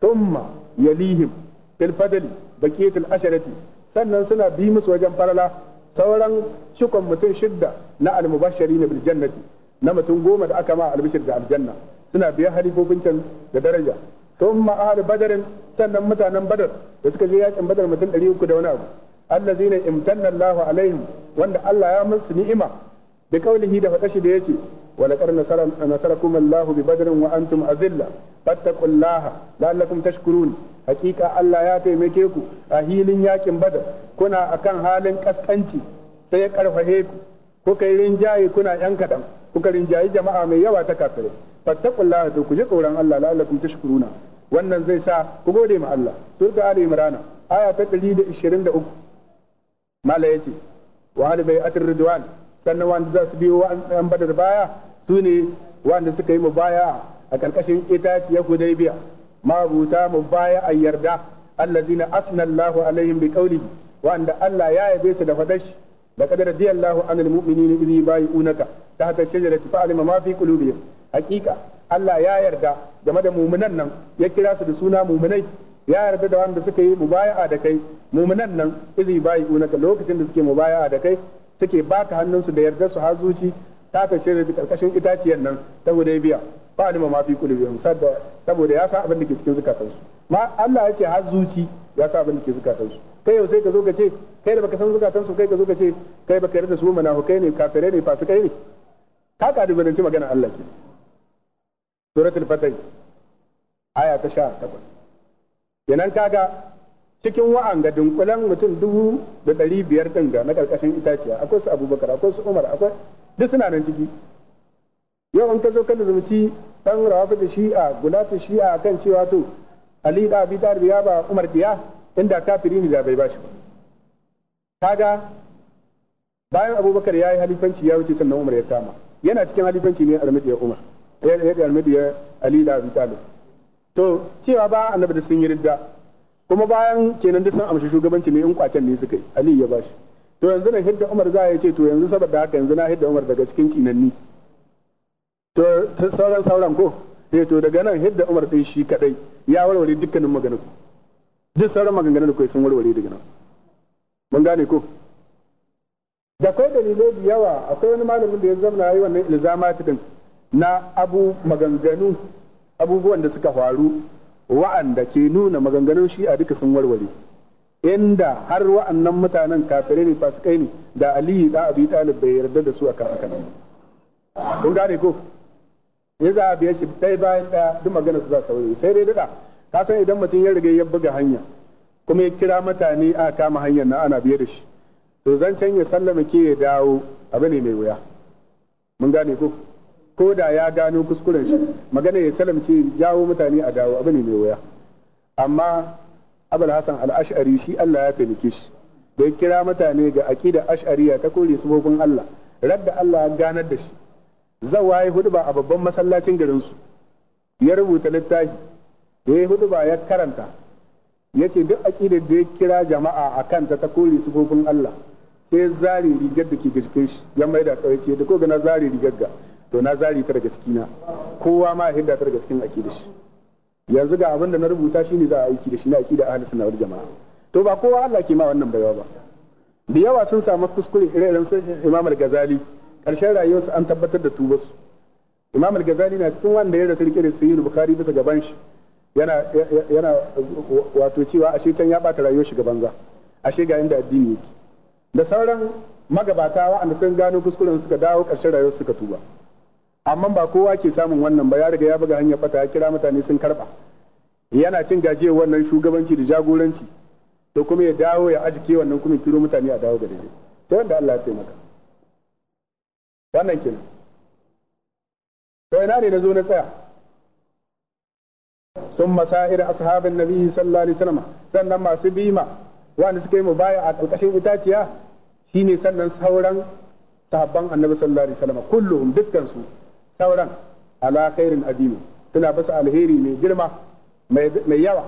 thumma yalihim fil fadli baqiyatul asharati sannan suna bi musu wajen falala sauran cikon mutum shidda na almubashirin bil jannati na mutum goma da aka ma albishir da aljanna suna biya halifofin can da daraja thumma ahli badarin sannan mutanen badar da suka je yakin badar mutum 300 da wani abu allazina imtanna Allahu alaihim wanda Allah ya musu ni'ima bi kaulihi da faɗa shi da yace ولقد نصركم الله ببدر وانتم اذله فاتقوا الله لعلكم تشكرون حقيقه الله يا taimake ku a hilin yakin badar kuna akan halin kaskanci sai ya karfahe ku kuka yi rinjaye kuna yan kadan kuka rinjaye jama'a mai yawa ta kafirai fattaqullaha to ku ji tsoron Allah la'allakum tashkuruna wannan zai sa ku gode ma Allah surta ali imran aya ta 123 mala yace wa al ridwan sannan wanda za su biyo an badar baya su ne wanda suka yi mubaya a karkashin itaciyar hudaybiya mabuta mubaya a yarda allazina asna Allahu alaihim bi qawlihi wanda Allah ya yabe su da da fadashi Allah رضي الله عن المؤمنين إذ يبايعونك تحت الشجرة alima ma fi قلوبهم حقيقة Allah ya yarda game da muminan nan ya kira su da suna muminai ya yarda da wanda suka yi mubaya'a da kai muminan nan izi bayi unaka lokacin da suke mubaya'a da kai take ba ta hannunsu da yardar su har zuci ta kashe shirya da karkashin itaciyar nan ta biya ba ni ma fi kulubihim saboda ya sa abin da ke cikin zukatansu ma Allah ya ce har zuci ya sa abin da ke zukatansu kai yau sai ka zo ka ce kai da baka san zukatansu kai ka zo ka ce kai baka yarda su kai ne kafire ne fasikai ne ka ka dubaranci magana Allah ke suratul fatih aya ta 18 kenan kaga cikin wa'anga dunkulen mutum dubu da ɗari biyar ɗin ga na ƙarƙashin itaciya akwai su abubakar akwai su umar akwai duk suna nan ciki yau in ka zo ka nazarci ɗan rawafi da shi'a gulafi shi'a kan cewa to ali da abi talib ya ba umar biya inda kafiri ne da bai ba shi ba kaga bayan abubakar ya yi halifanci ya wuce sannan umar ya kama yana cikin halifanci ne ya umar ya ya ali da abi talib to cewa ba annabi da sun yi ridda kuma bayan kenan duk san amshi shugabanci ne in kwacen ne suka yi ali ya bashi to yanzu nan hidda umar za ya ce to yanzu saboda haka yanzu na hidda umar daga cikin cinanni to sauran sauran ko sai eh, to daga nan hidda umar din shi kadai ya warware dukkanin ku duk sauran maganganun da kai sun warware daga nan mun gane ko da kai dalilai da yawa akwai wani malamin da ya zama yayi wannan ilzamati din na abu maganganu abubuwan da suka faru wa'anda ke nuna maganganun a duka sun warware inda har wa'annan mutanen kafirai ne fasikai ne da aliyu da abi talib bai yarda da su a kafa kanan kun gane ko ya za a biya shi ɗaya bayan ɗaya duk magana su za su warware sai dai duka ka san idan mutum ya riga ya buga hanya kuma ya kira mutane a kama hanyar na ana biye da shi to zancen ya sallama ke ya dawo abu ne mai wuya mun gane ko ko da ya gano kuskuren shi magana ya salamce jawo mutane a dawo abu ne mai wuya amma abul hasan al-ash'ari shi Allah ya taimake shi da kira mutane ga aqida ash'ariya ta kore subobin Allah radda Allah ganar da shi Zan waye huduba a babban masallacin garin su ya rubuta littafi da ya huduba ya karanta yake duk aqidar da ya kira jama'a a kanta ta kore subobin Allah sai zari rigar da ke shi ya maida kawai ce da ko gana zari rigar ga to na zari ta daga cikina kowa ma ya hinda ta daga cikin da shi yanzu ga abin da na rubuta shine za a aiki da shi na akida ahli sunna wal jamaa to ba kowa Allah ke ma wannan baiwa ba da yawa sun samu kuskure irin iren su Imam al-Ghazali karshen rayuwarsu an tabbatar da su Imam al-Ghazali na cikin wanda ya rasu rike da Sahih Bukhari bisa gaban shi yana yana wato cewa ashe can ya bata rayuwar shi gaban za ashe ga inda addini yake da sauran magabata wa'anda sun gano kuskuren suka dawo karshen rayuwar suka tuba amma ba kowa ke samun wannan ba ya riga ya buga hanyar fata ya kira mutane sun karba yana cin gajiyar wannan shugabanci da jagoranci to kuma ya dawo ya ajike wannan kuma kiro mutane a dawo ga dare. sai wanda Allah ya taimaka wannan kenan to ina ne na zo na tsaya sun masahir ashabin nabi sallallahu alaihi wasallam sannan masu bima wanda suka yi mu baya a ƙarƙashin itaciya shine sannan sauran sahabban annabi sallallahu alaihi wasallam kulluhum dukkan su sauran ala khairin suna basu alheri mai girma mai yawa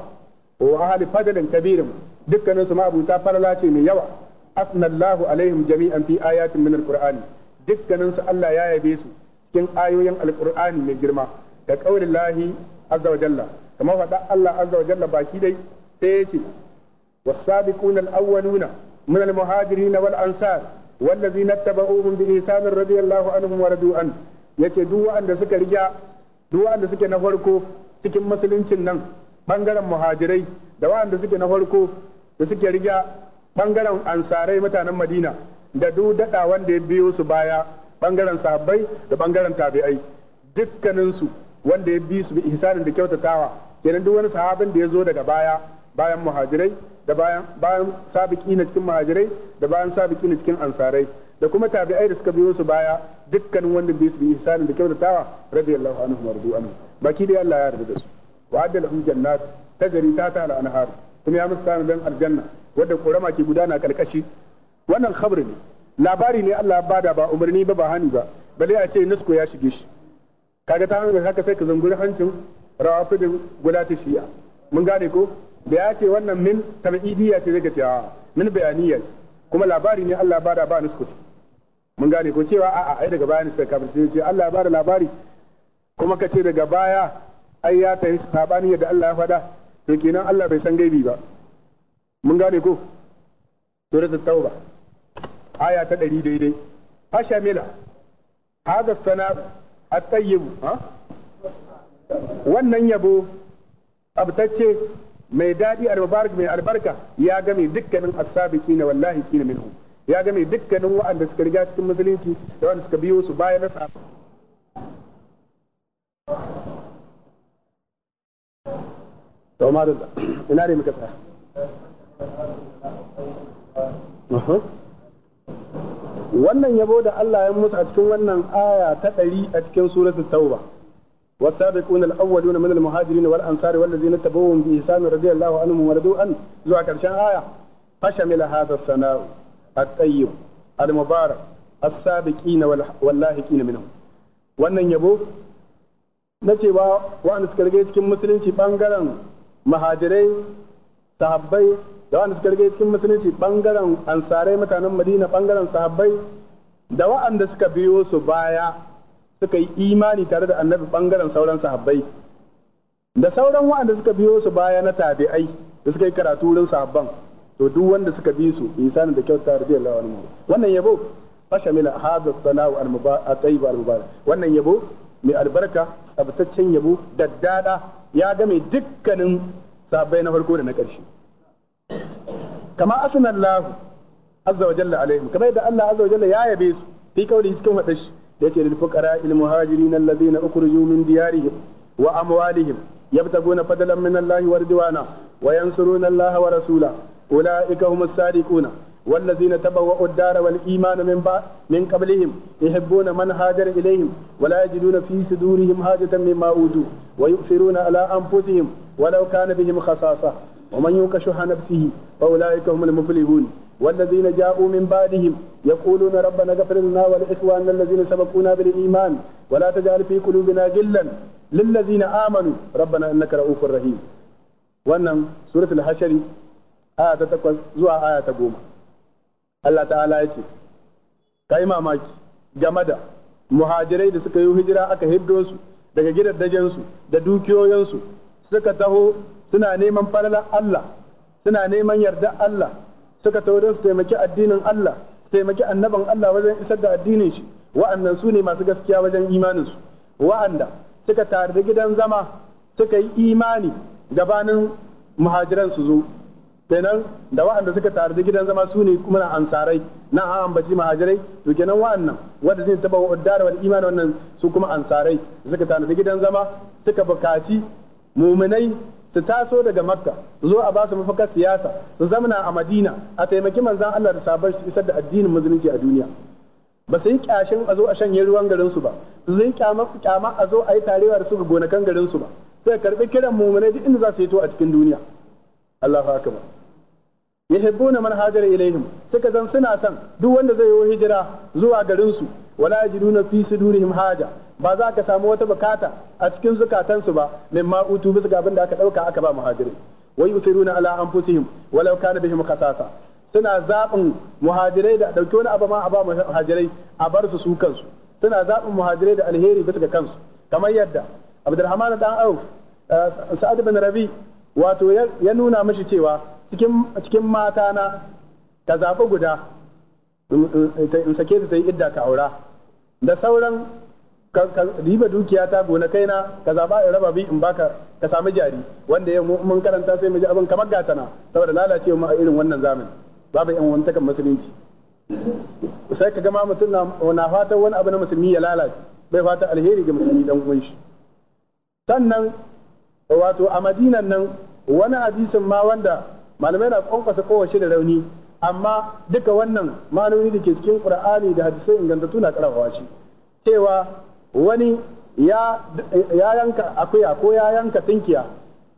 wa ahli fadlin kabirin dukkanin su ma'abuta falala ce mai yawa asnallahu alaihim jami'an fi ayatin min alqur'ani dukkanin su Allah ya yabe su cikin ayoyin alqur'ani mai girma da qaulin lahi azza wa jalla kamar faɗa Allah azza wa jalla baki dai sai ya ce والسابقون الأولون من المهاجرين والأنصار والذين اتبعوهم بإحسان رضي الله عنهم ورضوا عنه Ya ce duk waɗanda suka riga duk waɗanda suke na farko cikin musuluncin nan bangaren muhajirai da waɗanda suke na farko da suke riga bangaren ansarai mutanen madina da duk daɗa wanda ya biyo su baya bangaren sahabbai da bangaren tabi'ai dukkaninsu wanda ya bi su bi ihsanin da kyautatawa kenan duk wani sahabin da ya zo daga baya bayan muhajirai da bayan bayan sabiki na cikin muhajirai da bayan sabiki na cikin ansarai da kuma tabi'ai da suka biyo su baya dukkanin wanda bai su bi ihsanin da kyautatawa radiyallahu anhu wardu anhu baki da Allah ya yarda da su wa adda lahum jannat tajri ta ta al anhar kuma ya musu tana aljanna wadda korama ke gudana karkashi. wannan khabar ne labari ne Allah ya bada ba umarni ba ba hani ba bale a ce nasko ya shige shi kaga ta hanga haka sai ka zunguri hancin rawafidin gulati shi'a mun gane ko da ya ce wannan min tabi'idiyya ce daga cewa min bayaniya ce kuma labari ne Allah ya bada ba nasko ce mun gane ko cewa a'a ai daga baya ne suka kafirce ce Allah ya bada labari kuma ka ce daga baya ai ya tafi sabani yadda Allah ya faɗa to kenan Allah bai san gaibi ba mun gane ko suratul tauba aya ta 100 daidai fashamila hadha sana at-tayyib ha wannan yabo abtacce mai daɗi al mai albarka ya game dukkanin as-sabiqina wallahi kina minhum ya game dukkanin wa'anda suka riga cikin musulunci da waɗanda suka biyo su baya nasa to ma da ina ne muka tsaya wannan yabo da Allah ya musu a cikin wannan aya ta ɗari a cikin suratul tauba والسابقون الاولون من المهاجرين والانصار والذين تبوهم باحسان رضي الله عنهم ورضوا عنه زوا كرشان ايه فشمل هذا الثناء الطيب المبارك السابقين mubarak as-sabiqina wannan yabo na cewa wa'anda suka rage cikin musulunci bangaren mahajirai sahabbai da wa'anda suka rage cikin musulunci bangaren ansarai mutanen madina bangaren sahabbai da wa'anda suka biyo su baya suka yi imani tare da annabi bangaren sauran sahabbai da sauran wa'anda suka biyo su baya na tabi'ai da suka yi karatu wurin sahabban to duk wanda suka bi su ihsani da kyauta radiyallahu anhu wannan yabo fashamila hadha sana'u al-mubarak al-mubarak wannan yabo mai albarka tsabtaccen yabo daddada ya game dukkanin sabai na farko da na ƙarshe kama asanallahu azza wa jalla alaihim kamar yadda Allah azza wa jalla ya yabe su fi kauli cikin hadashi da yake lil fuqara il muhajirin alladhina ukhriju min diyarihim wa amwalihim يبتغون فضلا من الله ورضوانا وينصرون الله ورسوله أولئك هم الصادقون والذين تبوأوا الدار والإيمان من بعد من قبلهم يحبون من هاجر إليهم ولا يجدون في صدورهم حاجة مما أوتوا ويؤثرون على أنفسهم ولو كان بهم خصاصة ومن يوق شح نفسه فأولئك هم المفلحون والذين جاءوا من بعدهم يقولون ربنا اغفر لنا ولإخواننا الذين سبقونا بالإيمان ولا تجعل في قلوبنا غلا lillazina amanu rabbana innaka ra'ufur rahim wannan suratul hashari aya ta takwas zuwa aya ta goma Allah ta'ala ya ce kai mamaki game da muhajirai da suka yi hijira aka hiddo su daga gidaddajensu da dukiyoyinsu suka taho suna neman falalar Allah suna neman yarda Allah suka taho don su taimaki addinin Allah su taimaki annaban Allah wajen isar da addinin shi wa'annan su ne masu gaskiya wajen imaninsu wa'anda suka tare gidan zama suka yi imani gabanin muhajiran su zo kenan da waɗanda suka tare da gidan zama su ne kuma na ansarai na an ambaci muhajirai to kenan wa'annan wanda zai taba uddara wal imani wannan su kuma ansarai suka tare da gidan zama suka bukaci muminai su taso daga makka su zo a ba su mafakar siyasa su zamana a madina a taimaki manzan allah da sabar su isar da addinin musulunci a duniya ba su yi kyashin a zo a shanye ruwan garin su ba su yi kyama kyama a zo a yi tarewa da su ga gonakan garin su ba sai karbi kiran mumunai duk inda za su yi to a cikin duniya Allahu akbar yuhibbuna man hajara ilaihim suka zan suna son duk wanda zai yi hijira zuwa garin su wala yajiduna fi sudurihim haja ba za ka samu wata bukata a cikin zukatansu ba mimma utu bisa ga abin da aka dauka aka ba muhajirin wa yusiruna ala anfusihim walau kana bihim khasasa suna zaɓin muhajirai da ɗauki wani abu ma a ba muhajirai a bar su su kansu suna zaɓin muhajirai da alheri bisa ga kansu kamar yadda abdurrahman dan auf eh, sa'ad bin rabi wato ya nuna mishi cewa cikin mata na ka zaɓi guda in sake ta yi idda ka aura da sauran ka riba dukiya ta gona kai na ka zaɓa in raba bi in baka ka sami jari wanda ya mun karanta sai mu ji abin kamar gatana saboda lalacewa ma a irin wannan zamani babu yan wani takan musulunci sai ka gama mutum na fatan wani abu na musulmi ya lalace bai fata alheri ga musulmi dan uwan shi sannan wato a madinan nan wani hadisin ma wanda malamai na kwankwasa kowace da rauni amma duka wannan malami da ke cikin ƙur'ani da hadisai ingantattu na karfafa shi cewa wani ya yanka akuya ko ya yanka tinkiya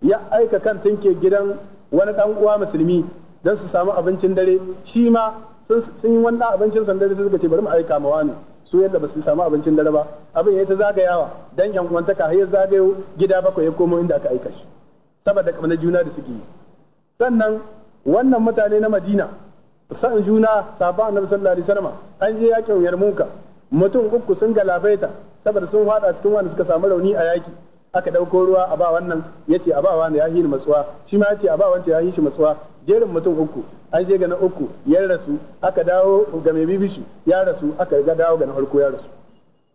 ya aika kan tunke gidan wani dan uwa musulmi don su samu abincin dare shi ma sun yi wannan abincin san dare suka ce bari mu aika ma wani su yadda ba su samu abincin dare ba abin ya ta zagayawa don yan uwantaka har ya zagayo gida bakwai ya komo inda aka aika shi saboda kamar juna da suke yi sannan wannan mutane na Madina san juna sahaba annabi sallallahu alaihi wasallam an je yakin Yarmuka mutum uku sun galabaita saboda sun fada cikin wanda suka samu rauni a yaki aka dauko ruwa a ba wannan yace a ba wani ya hini matsuwa shi ma yace a ba wancan ya hini shi matsuwa jerin mutum uku an je ga na uku ya rasu aka dawo ga mai bibishi ya rasu aka ga dawo ga na farko ya rasu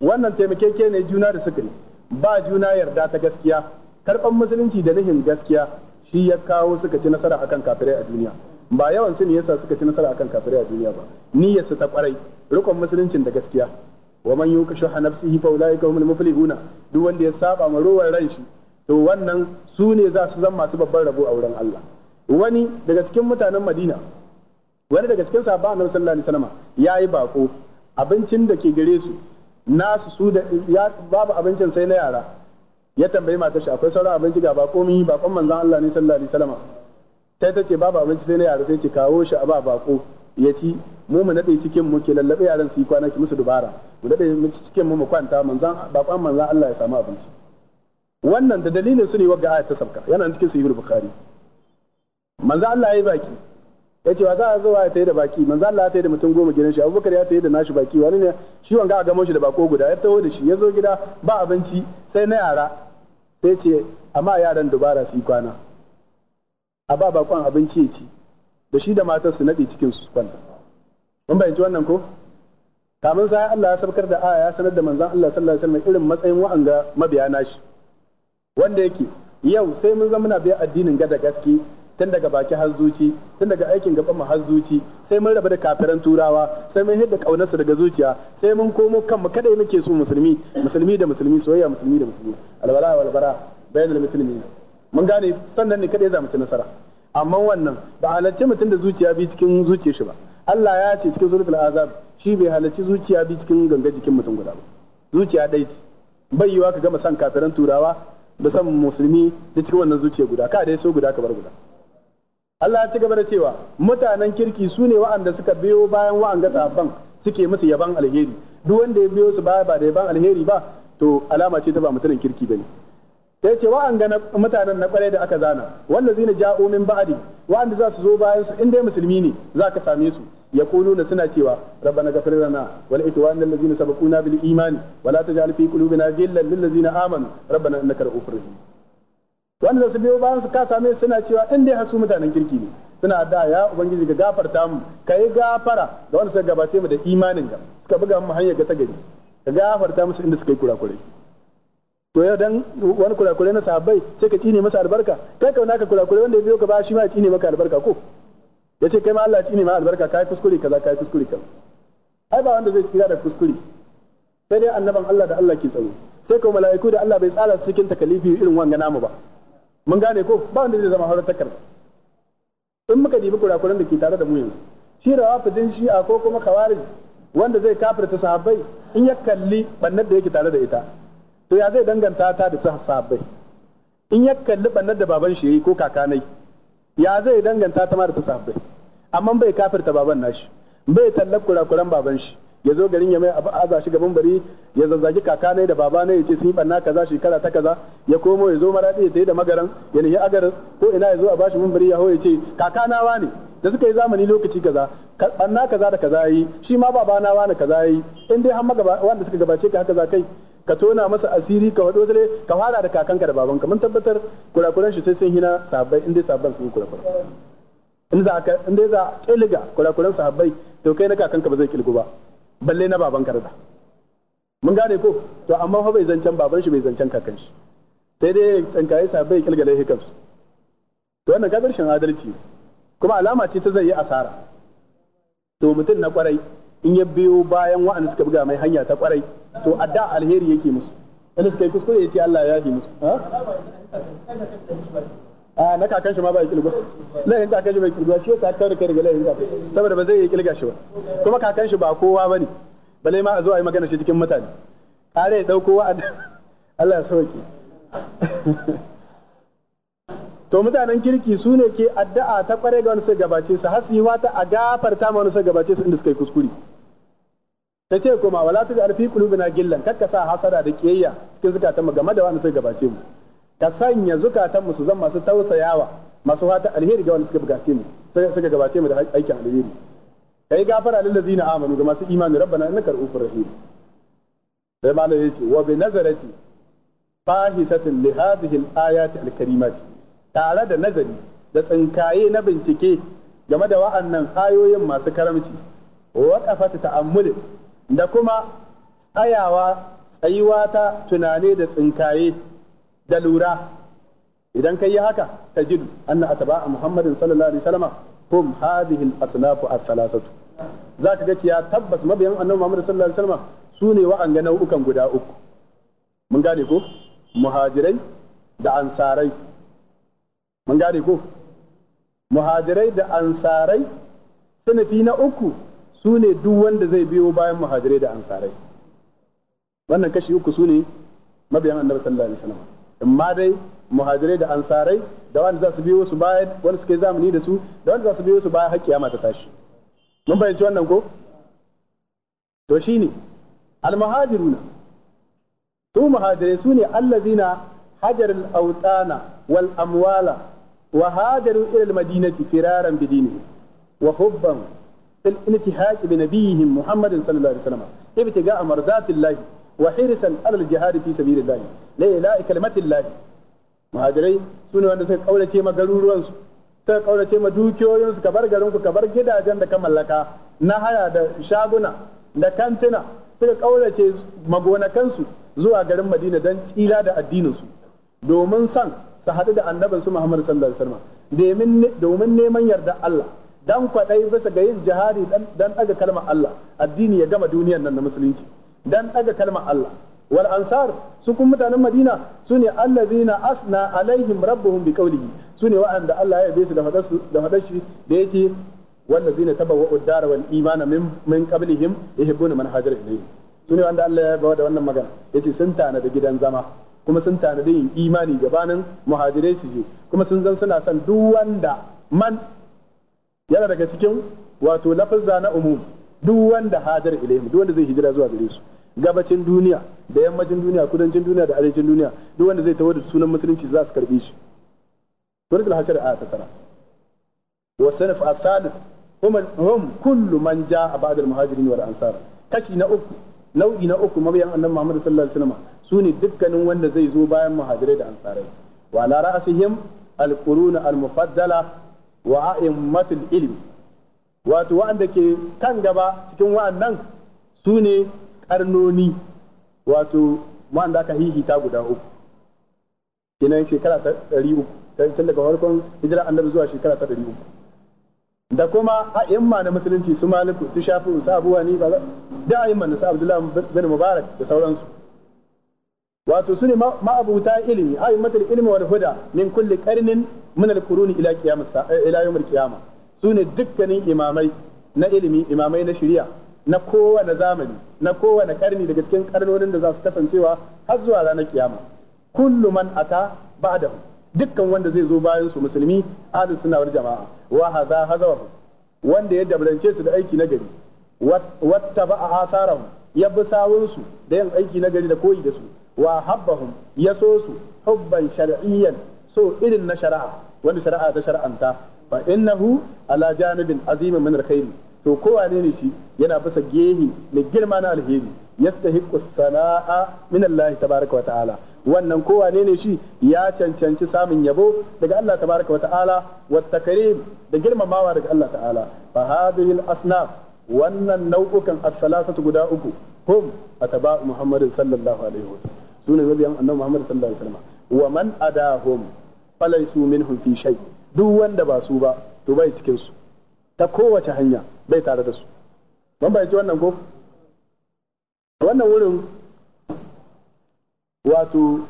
wannan taimakeke ne juna da sukari ba juna yarda ta gaskiya karban musulunci da nihin gaskiya shi ya kawo suka ci nasara akan kafirai a duniya ba yawan su ne yasa suka ci nasara akan kafirai a duniya ba niyyar su ta kwarai rukun musuluncin da gaskiya wa man yuka shuha nafsihi fa ulaika humul muflihuna duk wanda ya saba ma ruwan ran shi to wannan su ne za su zama masu babban rabo a wurin Allah wani daga cikin mutanen Madina wani daga cikin sahabban Annabi sallallahu alaihi wasallam yayi bako abincin da ke gare su nasu su da ya babu abincin sai na yara ya tambayi matar shi akwai sauran abinci ga bako mun yi bakon manzon Allah ne sallallahu alaihi wasallam sai ta ce babu abinci sai na yara sai ce kawo shi a ba bako ya ci mu mu nade cikin mu ke lallabe yaran su yi kwana ki musu dubara mu nade mu cikin mu mu kwanta manzon bakon manzon Allah ya samu abinci wannan da dalilin su ne wagga ayat ta sabka yana cikin sahihul bukhari manzo Allah yayi baki yace wa za a zo ya tayi da baki manzo Allah ya tayi da mutum goma gidan shi Abubakar ya tayi da nashi baki wani ne shi wanga a gamo shi da bako guda ya taho da shi ya zo gida ba abinci sai na yara sai ce amma yaran dubara su kwana a ba bakon abinci ya ci da shi da matar su naɗi cikin su kwanta mun bayanci wannan ko Kamun sai Allah ya sabkar da aya ya sanar da manzon Allah sallallahu alaihi wasallam irin matsayin wa'anga mabiya nashi wanda yake yau sai mun zama muna bayan addinin gada gaske tun daga baki har zuci tun daga aikin gaban mu har zuci sai mun rabu da kafiran turawa sai mun hidda kaunarsa daga zuciya sai mun komo kanmu kada muke so musulmi musulmi da musulmi soyayya musulmi da musulmi albara walbara bayan musulmi mun gane sannan ne kada ya zamu ci nasara amma wannan ba halarci mutum da zuciya bi cikin zuciyar shi ba Allah ya ce cikin suratul azab shi bai halarci zuciya bi cikin ganga jikin mutum guda ba zuciya dai ce bai yiwa ka gama san kafiran turawa da san musulmi da cikin wannan zuciya guda ka dai so guda ka bar guda Allah ya ci gaba da cewa mutanen kirki su ne wa'anda suka biyo bayan wa'anga sahabban suke musu yaban alheri duk wanda ya biyo su baya ba da yaban alheri ba to alama ce ta ba mutumin kirki bane sai ce wa'anga mutanen na kware da aka zana wanda zina ja min ba'adi wa'anda za su zo bayan su in musulmi ne za ka same su ya suna cewa يقولون سنة سوى ربنا غفر na ولإخواننا الذين سبقونا بالإيمان taj'al fi qulubina ghillan lil للذين amanu rabbana innaka ra'ufur rahim wanda su biyo bayan su ka same suna cewa in dai hasu mutanen kirki ne suna da ya ubangiji ga gafarta mu kai gafara da wanda suka gabace mu da imanin ka suka buga mu hanyar ga ta gari ka gafarta musu inda suka yi kurakurai to yau dan wani kurakurai na sahabbai sai ka cine masa albarka kai ka naka kurakurai wanda ya biyo ka ba shi ma ya cine maka albarka ko Ya ce kai ma Allah ya cine ma albarka kai kuskure kaza kai kuskure kaza ai ba wanda zai tsira da kuskure sai dai annaban Allah da Allah ke tsaro sai ko mala'iku da Allah bai tsara cikin takalifi irin wanga namu ba mun gane ko ba wanda zai zama haurar takarda in muka dibi kurakuren da ke tare da mu yanzu shi shi a ko kuma khawarij wanda zai kafirta sahabbai in ya kalli bannar da yake tare da ita to ya zai danganta ta da sahabbai in ya kalli bannar da baban shi yayi ko kakanai ya zai danganta ta ma da sahabbai amma bai kafirta baban nashi bai tallar kuran baban shi ya zo garin ya mai abu a shi gaban bari ya zazzagi kaka ne da baba ne ya ce sun yi banna kaza shekara ta kaza ya komo ya zo maraɗi ya tayi da magaran ya nihi agaran ko ina ya zo a bashi mun bari ya hau ya ce kaka nawa ne da suka yi zamani lokaci kaza banna kaza da kaza yi shi ma baba nawa ne kaza yi in dai har magaba wanda suka gabace ka haka za kai ka tona masa asiri ka wado sai ka fara da kakanka da babanka mun tabbatar kurakuran shi sai sun hina sahabbai in dai sahabban sun yi kurakuran in za ka in dai za kiliga kurakuran sahabbai to kai na kakanka ba zai kilgu ba balle na baban karda mun gane ko to amma fa bai zancen baban shi bai zancen kakan shi sai dai tsankaye sa bai kilgale hikansu to wannan kagar shin adalci kuma alama ce ta zai yi asara to mutum na kwarai in ya biyo bayan wa'anda suka buga mai hanya ta kwarai to a da alheri yake musu wanda suka yi kuskure ya ce Allah ya yi musu a na kakan shi ma ba ya kilga layin kakan shi bai kilga shi yasa ta rike daga layin kakan saboda ba zai iya kilga shi ba kuma kakan shi ba kowa bane bale ma a zo a yi magana shi cikin mutane kare ya dauko wa'ad Allah ya sauke to mutanen kirki su ne ke addu'a ta kware ga wani sai gabace su har su yi wata a gafarta ma wani sai gabace su inda suka yi kuskure ta ce kuma wala ta da alfi qulubina gillan kakka sa hasada da kiyayya cikin zakatan mu game da wani sai gabace mu ka sanya zukatan mu su zan masu tausayawa masu fata alheri ga wanda suka bugace mu suka gabace mu da aikin alheri kai gafara lil ladina amanu ga masu imani rabbana innaka ra'ufur rahim sai malam yace wa bi nazarati fahisatin li hadhihi al-ayati al-karimat tare da nazari da tsinkaye na bincike game da wa'annan ayoyin masu karamci kafata ta'ammulin da kuma tsayawa tsayuwa ta tunane da tsinkaye da lura idan kai yi haka tajidu anna atba'a muhammadin sallallahu alaihi wasallam hum hadhihi al-asnaf al thalathatu ka ga cewa tabbas mabiyan annabi muhammad sallallahu alaihi wasallam sune wa'anga nau'ukan guda uku mun gane ko muhajirai da ansarai mun gane ko muhajirai da ansarai sanafi na uku su ne duk wanda zai biyo bayan muhajirai da ansarai wannan kashi uku su ne mabiyan annabi sallallahu alaihi wasallam in ma dai muhajirai da ansarai da wanda za su biyo su baya wanda suke zamani da su da wanda za su biyo su baya har kiyama ta tashi mun bayyanci wannan ko to shine almuhajiruna su muhajirai su ne allazina hajar al-awtana wal amwala wa hajaru ila al-madinati firaran bidini wa hubban fil intihaq bi nabiyihim muhammadin sallallahu alaihi wasallam ibtiga wa hirisan alal jihad fi sabilillah la suka kaurace ma garuruwan suka kaurace ma dukiyoyin kabar garin ku kabar gidajen da ka mallaka na haya da shaguna da kantuna suka kaurace magonakan su zuwa garin Madina dan tsira da addininsu domin san su haɗu da annabin su Muhammad sallallahu alaihi domin neman yarda Allah dan kwaɗai bisa ga yin jihadi dan ɗaga kalmar Allah addini ya gama duniyar nan na musulunci dan daga kalmar Allah wal ansar su kun mutanen Madina sune allazina asna alaihim rabbuhum bi qawlihi sune wa'anda Allah ya yabe su da fadar su da fadar shi da yake wallazina tabawwa'u ad-dara wal imana min min qablihim yuhibbuna man hajara ilayhi sune wanda Allah ya bawa da wannan magana yace sun tana da gidan zama kuma sun tana da yin imani gabanin muhajirai su je kuma sun zan suna son duk wanda man yana daga cikin wato lafazza na umum duk wanda hajar ilayhim duk wanda zai hijira zuwa gare su gabacin duniya da yammacin duniya kudancin duniya da arewacin duniya duk wanda zai tawo da sunan musulunci za su karbi shi suratul hashr a ta tara wa sanaf asalis hum kullu man jaa al-muhajirin wal ansar kashi na uku nau'i na uku mabiyan annabi Muhammad sallallahu alaihi wasallam sune dukkanin wanda zai zo bayan muhajirai da ansarai wa ala ra'sihim al-qurun al-mufaddala wa a'immatul ilm wato wa'anda ke kan gaba cikin wa'annan sune karnoni wato wanda aka ta guda uku kenan shekara ta ɗari uku tun daga farkon hijira annabi zuwa shekara ta ɗari uku da kuma a'imma na musulunci su maliku su shafi su abuwa ni ba da a'imma na su abdullahi bin mubarak da sauransu wato su ne ma'abuta ilimi a'immatul ilmi wal huda min kulli qarnin min al-quruni ila qiyamas ila yawm al-qiyama su ne dukkanin imamai na ilimi imamai na shari'a na kowane zamani na kowane karni daga cikin karnonin da za su kasancewa har zuwa ranar kiyama kullu man ata ba'dahu dukkan wanda zai zo bayan su musulmi ahlus sunna wal jama'a wa hadha wanda ya dabrance su da aiki na gari wattaba'a atharahum ya bi sawun su da yin aiki na gari da koyi da su wa habbahum ya so su hubban shar'iyyan so irin na shari'a wanda shari'a ta shar'anta fa innahu ala janibin azimin min alkhairi to kowane ne shi yana bisa gehi mai girma na alheri yastahiqqu sana'a min Allah tabaraka wa ta'ala wannan kowane ne shi ya cancanci samun yabo daga Allah tabaraka wa ta'ala wa takarim da girmamawa daga Allah ta'ala fa hadhihi al-asnaf wannan nau'ukan as-salasatu guda uku hum ataba Muhammadin sallallahu alaihi wasallam sunan mabiyan annabi Muhammad sallallahu alaihi wasallam wa man adahum falaysu minhum fi shay duk wanda ba su ba to bai cikin su ta kowace hanya bai tare da su ban bayanci wannan ko wannan wurin wato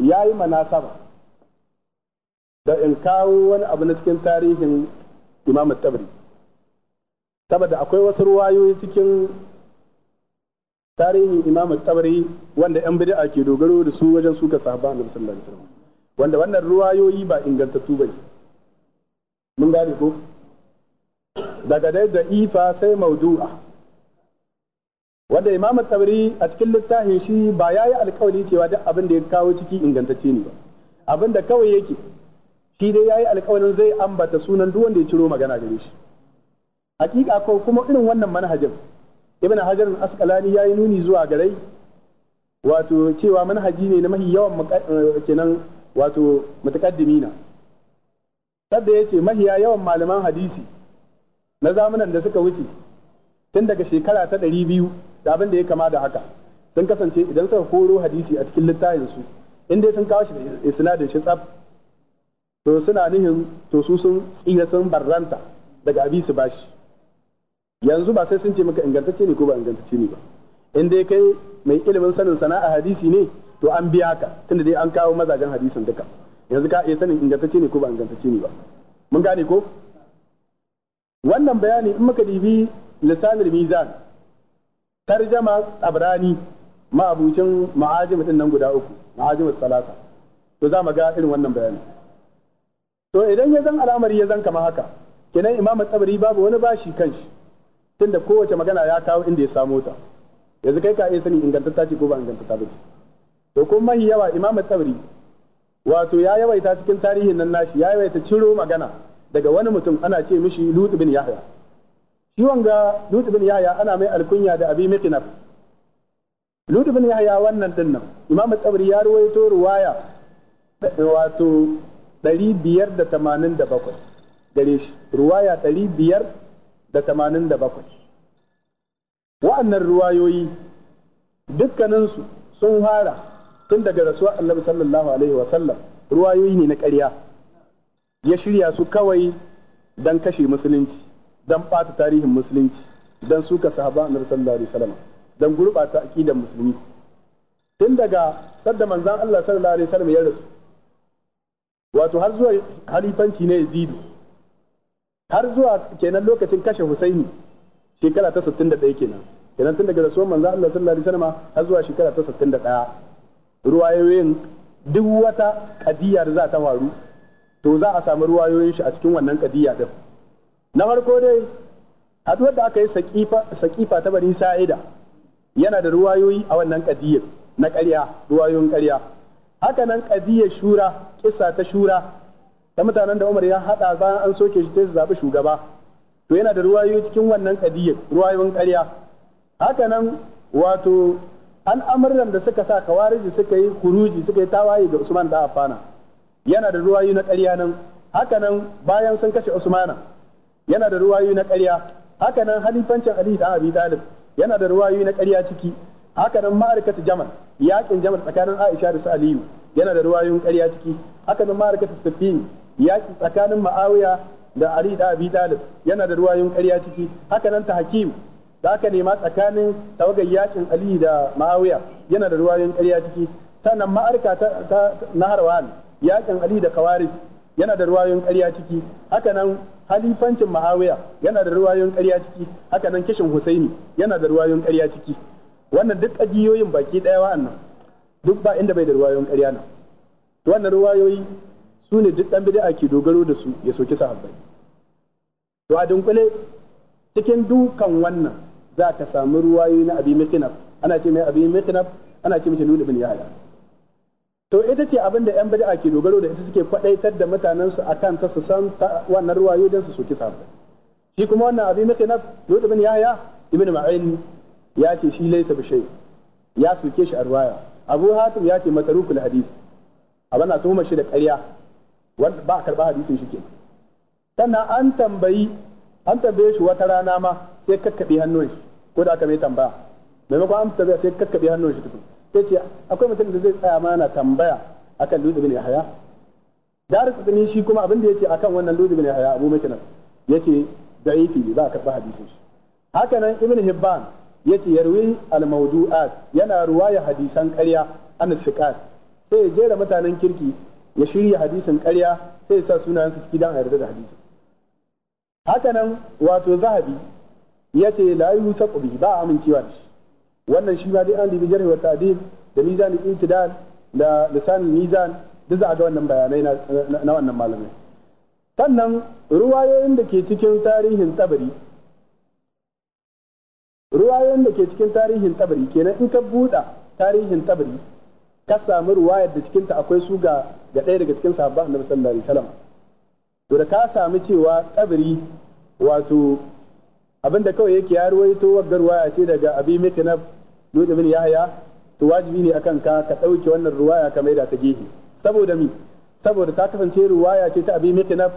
ya yi manasaba da in kawo wani abu na cikin tarihin imam tabri saboda akwai wasu ruwayoyi cikin tarihin imam tabari wanda yan bid'a ke dogaro da su wajen suka sahaba na sallallahu wanda wannan ruwayoyi ba ingantattu ba ne. mun gane ko daga dai da ifa sai maudu'a wanda imamu tabari a cikin littafin shi ba yayi yi alkawari cewa duk abin da ya kawo ciki ingantacce ne ba abin da kawai yake shi dai ya yi alkawarin zai ambata sunan duk wanda ya ciro magana gare shi hakika ko kuma irin wannan manhajin ibn hajar asqalani yayi nuni zuwa garai wato cewa manhaji ne na mahi yawan eh, kenan wato mutakaddimina sadda yace mahiya yawan malaman hadisi na zamanan da suka wuce tun daga shekara ta ɗari biyu da abin da ya kama da haka sun kasance idan suka koro hadisi a cikin littafinsu in dai sun kawo shi da sinadin shi tsaf to suna nihin to su sun tsira sun barranta daga abi su bashi yanzu ba sai sun ce maka ingantacce ne ko ba ingantacce ne ba in dai kai mai ilimin sanin sana'a hadisi ne to an biya ka tunda dai an kawo mazajen hadisin duka yanzu ka iya sanin ingantacce ne ko ba ingantacce ne ba mun gane ko wannan bayani in muka dibi lisanul mizan tarjama tsabrani ma'abucin ma'ajim din nan guda uku ma'ajim salasa to za mu ga irin wannan bayani to idan ya zan al'amari ya zan kama haka kenan imamu tsabari babu wani bashi kanshi tunda kowace magana ya kawo inda ya samo ta yanzu kai ka iya sani ingantatta ce ko ba ingantatta ba ce to kun mahi yawa imamu tsabari wato ya yawaita cikin tarihin nan nashi ya yawaita ciro magana daga wani mutum ana ce mishi Lut bin Yahya shi wanga Lut bin Yahya ana mai alkunya da Abi Miknaf Lut bin Yahya wannan dinnan Imam Tsabri ya ruwaito ruwaya wato 587 gare shi ruwaya 587 wa'annan ruwayoyi dukkaninsu sun fara tun daga rasuwa annabi sallallahu alaihi wasallam ruwayoyi ne na ƙarya ya shirya su kawai don kashe musulunci don ɓata tarihin musulunci don suka sahaba annabi sallallahu alaihi wasallam don gurɓata aqidar musulmi tun daga sadda manzan Allah sallallahu alaihi wasallam ya rasu wato har zuwa halifanci na Yazid har zuwa kenan lokacin kashe Husaini shekara ta 61 kenan kenan tun daga rasuwar manzan Allah sallallahu alaihi wasallam har zuwa shekara ta 61 ruwayoyin duk wata kadiyar za ta faru to za a samu ruwayoyin shi a cikin wannan kadiya din na farko dai haduwar da aka yi sakifa ta bari sa'ida yana da ruwayoyi a wannan kadiyar na karya ruwayoyin ƙarya haka nan kadiyar shura kissa ta shura ta mutanen da Umar ya hada bayan an soke shi ta su zabi shugaba to yana da ruwayoyi cikin wannan kadiyar ruwayoyin ƙarya haka nan wato an amurran da suka sa kawariji suka yi kuruji suka yi tawaye ga Usman da afana. yana da ruwayu na ƙarya nan hakanan bayan sun kashe usmana yana da ruwayu na ƙarya hakanan halifancin ali da abi talib yana da ruwayu na ƙarya ciki hakanan ma'arikatu jamal yakin jamal tsakanin aisha da su aliyu yana da ruwayun ƙarya ciki hakanan ma'arikatu siffin yaki tsakanin ma'awiya da ali da abi talib yana da ruwayun ƙarya ciki hakanan ta hakim da aka nema tsakanin tawagar yakin ali da ma'awiya yana da ruwayun ƙarya ciki sannan ma'arka ta naharwan yakin ali da kawaris yana da ruwayoyin ƙarya ciki haka nan halifancin muawiya yana da ruwayoyin ƙarya ciki haka nan kishin husaini yana da ruwayoyin ƙarya ciki wannan duk ajiyoyin baki ɗaya wa'annan duk ba inda bai da ruwayoyin ƙarya nan wannan ruwayoyi su ne duk ɗan bid'a ke dogaro da su ya soki sahabbai to a dunkule cikin dukan wannan za ka samu ruwayoyi na abi miknaf ana ce mai abi miknaf ana ce mishi lulu ibn yahya to ita ce abin da yan bid'a ke dogaro da ita suke kwadaitar da mutanen su akan ta su san wannan ruwayo dan su soki samu shi kuma wannan abin mai na Lut bin yaya ibn Ma'in ya ce shi laisa bi shay ya soke shi a ruwaya Abu Hatim ya ce matarukul hadith abin na tuhumar shi da ƙarya wanda ba a karba hadisin shi ke. sannan an tambayi an tambaye shi wata rana ma sai kakkaɓe hannun shi ko da aka mai tambaya maimakon an tambaya sai kakkaɓe hannun shi tukun sai ce akwai mutum da zai tsaya mana tambaya akan Lutu bin Yahya Daru Qutni shi kuma abin da yace akan wannan Lutu bin Yahya Abu Makinan yace da'ifi ne za a karɓi hadisin shi haka nan Ibn Hibban yace yarwi al-mawdu'at yana ruwaya hadisan ƙarya an sai ya jera mutanen kirki ya shirya hadisin ƙarya sai ya sa sunayensu ciki dan a yarda da hadisin haka nan wato zahabi yace la yusaqu bi ba amincewa da shi wannan shi ma dai an dibi jarhi wa ta'dil da mizan al intidal da lisan mizan duk za a ga wannan bayanai na wannan malamai sannan ruwayoyin da ke cikin tarihin tabari ruwayoyin da ke cikin tarihin tabari kenan in ka buɗa tarihin tabari ka samu ruwayar da cikinta akwai su ga ga ɗaya daga cikin sahabba annabi sallallahu alaihi wasallam to da ka samu cewa tabari wato abinda kawai yake ya ruwaito wagga ruwaya ce daga abi miknab dole ya yahya to wajibi ne akan ka ka dauke wannan ruwaya ka maida ta gehe saboda mi saboda ta kasance ruwaya ce ta abi mitinaf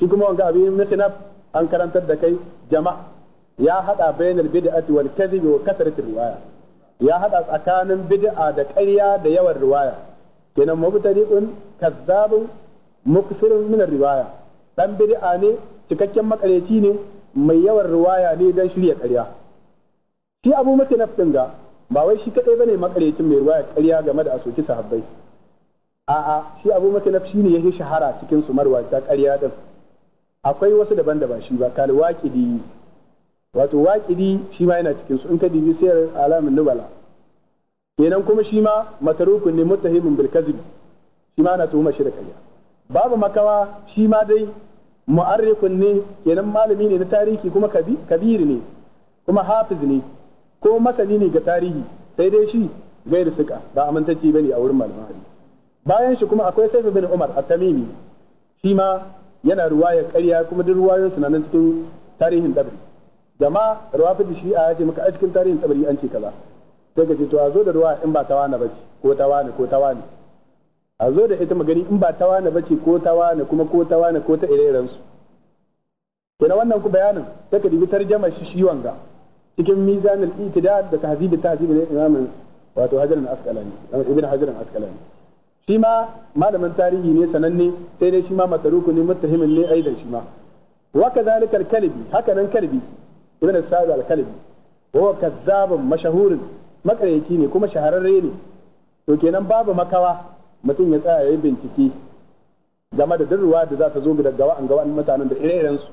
shi kuma wanga abi an karantar da kai jama'a ya hada bainal bid'ati wal kadhib wa kasratir ruwaya ya hada tsakanin bid'a da ƙarya da yawan ruwaya kenan mubtadi'un kazzabun mukfirun min riwaya dan bid'a ne cikakken makareci ne mai yawan ruwaya ne dan shirya ƙarya shi abu mace ɗin ga ba wai shi kadai bane makarecin mai ya karya game da asoki sahabbai a'a shi abu mutanaf ya yake shahara cikin su ta ƙarya din akwai wasu daban daban ba shi ba kal waqidi wato waqidi shi ma yana cikin su in ka dibi sayar alamin nubala kenan kuma shi ma matarukun ne muttahimun bil kadhibi shi ma na tuhuma shi da ƙarya babu makawa shi ma dai mu'arrikun ne kenan malami ne na tarihi kuma Kabiru ne kuma hafiz ne ko masani ne ga tarihi sai dai shi gairu suka ba amintacci bane a wurin malaman hadisi bayan shi kuma akwai sai bin Umar a tamimi shi ma yana ya ƙarya kuma duk ruwayoyin suna nan cikin tarihin dabri dama rawafid shi ya ce maka a cikin tarihin dabri an ce kaza sai ka ce to a zo da ruwa in ba tawana bace ko tawana ko tawana a zo da ita magani in ba tawana bace ko tawana kuma ko tawana ko ta ire-iren kenan wannan ku bayanin sai ka dibi tarjamar shi shi wanga cikin mizan al-itidal da tahzib at-tahzib da imam wato hajar al-asqalani ibn hajar al-asqalani shi ma malamin tarihi ne sananne sai dai shi ma mataruku ne muttahimin ne aidan shi ma wa kadhalika al-kalbi haka nan kalbi ibn sa'id al-kalbi wa huwa mashahurun makareci ne kuma shahararre ne to kenan babu makawa mutum ya tsaya ya bincike game da dirwa da za ta zo daga wa'an ga wa'an mutanen da ire-irensu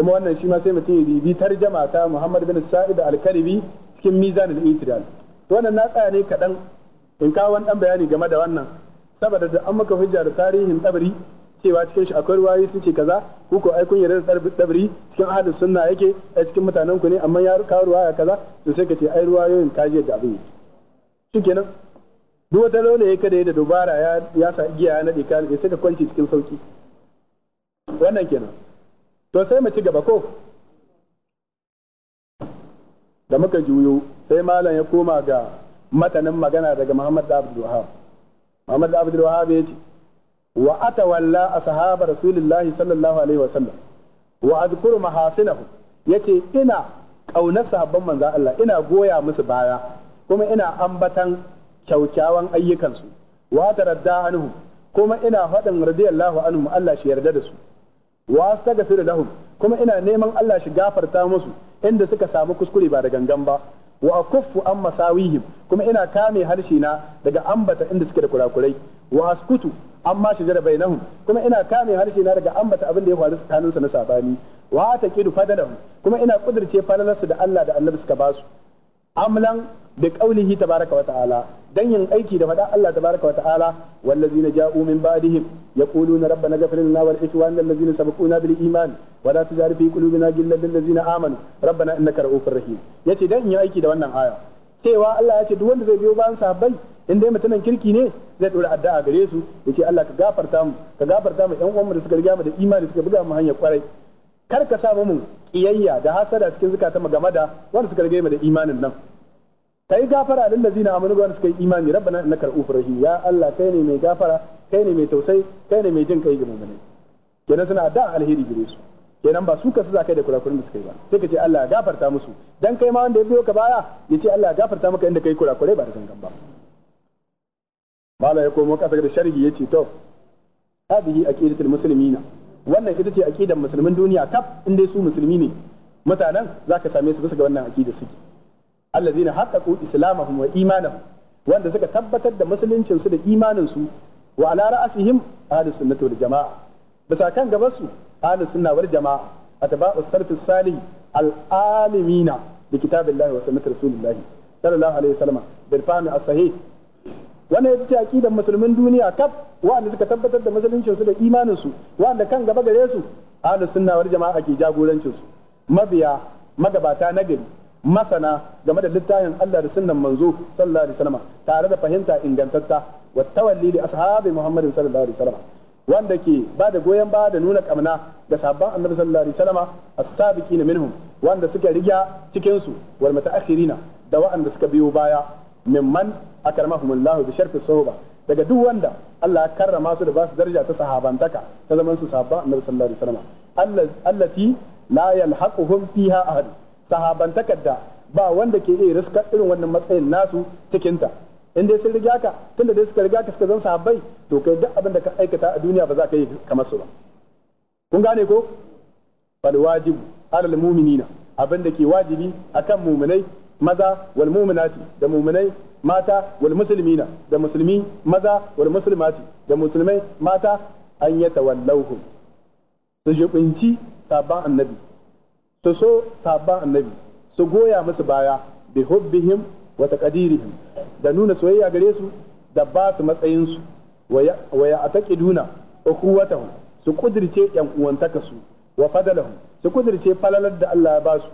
kuma wannan shi ma sai mutum ya bibi tarjama ta Muhammad bin Sa'id al-Karibi cikin Mizan al-Itidal to wannan na tsaya ne kadan in kawo wani ɗan bayani game da wannan saboda da an maka hujja da tarihin tabari cewa cikin shi akwai ruwayi sun ce kaza ku ko ai kun yarda da tabari cikin ahadin sunna yake a cikin mutanen ku ne amma ya kawo ruwaya kaza to sai ka ce ai ruwayoyin ka da abin shikenan duk wata lola ya kada da dubara ya sa giya ya nade ka sai ka kwance cikin sauki wannan kenan to sai mu ci gaba ko da muka juyo sai malam ya koma ga matanin magana daga Muhammad da Abdul Wahab Muhammad da Abdul Wahab ya ce wa a sahaba rasulullah sallallahu alaihi wasallam wa azkuru mahasinahu ce, ina ƙaunar sahabban manza Allah ina goya musu baya kuma ina ambatan kyaukyawan ayyukansu wa radda anhu kuma ina faɗin radiyallahu anhu Allah shi yarda da su ta gafira lahum kuma ina neman Allah shi gafarta musu inda suka samu kuskure ba da gangan ba wa akuffu an masawihim kuma ina kame harshe na daga ambata inda suke da kurakurai wa askutu amma shajara bainahum kuma ina kame harshe na daga ambata abin da ya faru tsakanin na sabani wa taqidu fadalahum kuma ina kudirce fadalarsu da Allah da Annabi suka basu amlan bi qaulihi tabaraka wa ta'ala dan yin aiki da faɗa Allah tabaraka wa ta'ala wallazina ja'u min ba'dihim yaquluna rabbana ighfir lana wa li'ikhwanina allazina sabaquna bil iman wa la tujari fi qulubina ghillan lil ladzina amanu rabbana innaka ra'ufur rahim yace dan yin aiki da wannan aya cewa Allah ya ce duk wanda zai biyo bayan sahabbai in dai mutumin kirki ne zai dora addu'a gare su yace Allah ka gafarta mu ka gafarta mu ƴan uwanmu da suka riga mu da imani suka buga mu hanya kwarai kar ka sa mu kiyayya da hasada cikin zakata mu game da wanda suka riga mu da imanin nan kai gafara zina zina amanu wa suka yi imani rabbana na karɓu furahi ya Allah kai ne mai gafara kai ne mai tausayi kai ne mai jin kai ga mummuni kenan suna da alheri gare su kenan ba su ka su zakai da kurakurin da suka yi ba sai ka ce Allah gafarta musu dan kai ma wanda ya biyo ka baya ya ce Allah gafarta maka inda kai kurakurai ba da zangan ba mala ya komo kasa da sharhi yace to hadihi aqidatul muslimina wannan ita ce aqidan musulmin duniya kaf inda su musulmi ne mutanen za ka same su bisa ga wannan aqida suke allazina haqqaqu islamahum wa imanahum wanda suka tabbatar da musuluncin su da imanin su wa ala ra'asihim ahlus sunnati wal jama'a bisa kan gaban su ahlus sunna wal jama'a atba'us salaf salih al alimina bi kitabillahi wa sunnati rasulillah sallallahu alaihi wasallam bil fahmi as sahih wannan ita ce aqidar musulmin duniya kaf wanda suka tabbatar da musuluncin da imanin su wanda kan gaba gare su ahlus sunna jama'a ke jagorancin mabiya magabata nagari masana game da littafin Allah da sunnan manzo sallallahu alaihi wasallam tare da fahimta ingantatta wa tawalli li ashabi Muhammad sallallahu alaihi wasallam wanda ke ba da goyon ba da nuna kamna ga sabban annabi sallallahu alaihi wasallam as-sabiqina minhum wanda suka riga cikin su wal mutaakhirina da wa'anda suka biyo baya mimman akramahumullahu bi sharfi suhba daga duk wanda Allah ya karrama su da ba su daraja ta sahabantaka ta zaman su sabban annabi sallallahu alaihi wasallam allati la yalhaquhum fiha ahad sahabantakar da ba wanda ke iya riska irin wannan matsayin nasu cikinta in dai sun riga ka tunda dai suka riga ka suka zan sahabbai to kai duk abin da ka aikata a duniya ba za ka yi kamar su ba kun gane ko fal wajibu alal mu'minina abin da ke wajibi akan mu'minai maza wal mu'minati da mu'minai mata wal muslimina da musulmi maza wal muslimati da musulmai mata an yatawallawhum su jibinci sabban annabi su so sabban annabi su goya musu baya bi hubbihim wa taqdirihim da nuna soyayya gare su da ba su matsayin su wa ya ataqiduna ukhuwatahum su kudirce yan uwantaka su wa fadalahum su kudirce falalar da Allah ya ba su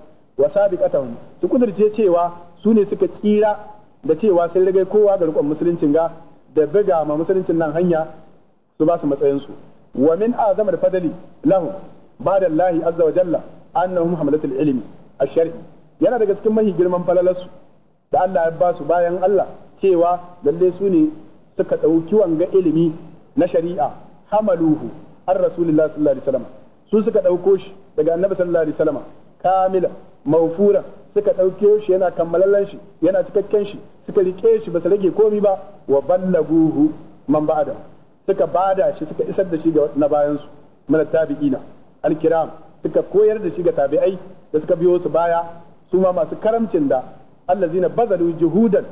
wa sabiqatahum su kudirce cewa su ne suka tsira da cewa sun riga kowa ga rikon musuluncin ga da buga ma musuluncin nan hanya su ba su matsayin su wa min azamar fadali lahum ba da Allah azza wa jalla annahum hamlatul ilmi ash-shar'i yana daga cikin mahi girman falalarsu da Allah ya ba su bayan Allah cewa lalle su ne suka ɗauki wanga ilimi na shari'a hamaluhu an rasulullah sallallahu alaihi wasallam su suka ɗauko shi daga annabi sallallahu alaihi wasallam kamila mawfura suka ɗauke shi yana kammalallan shi yana cikakken shi suka rike shi ba su rage komi ba wa ballaguhu man ba'da suka bada shi suka isar da shi ga na bayan su mana tabi'ina alkiram suka koyar da shi ga tabi'ai da suka biyo su baya su ma masu karamcin da allazina bazalu juhudan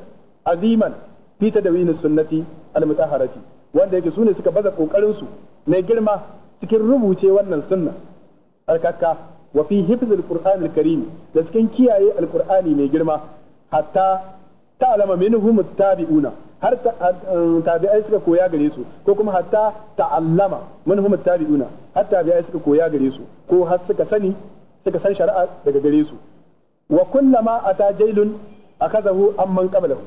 aziman fi tadawin sunnati al-mutahharati wanda yake sune suka baza kokarin su na girma cikin rubuce wannan sunna alkaka wa fi hifzil qur'an karim da cikin kiyaye Alƙur'ani mai girma hatta ta'lama minhum at-tabi'una har eh, tabi'ai suka koya gare su ko kuma hatta ta'allama manhum tabi'una har tabi'ai suka koya gare su ko har suka sani suka san shari'a daga gare su wa kullama ata jailun akazahu amman qablahu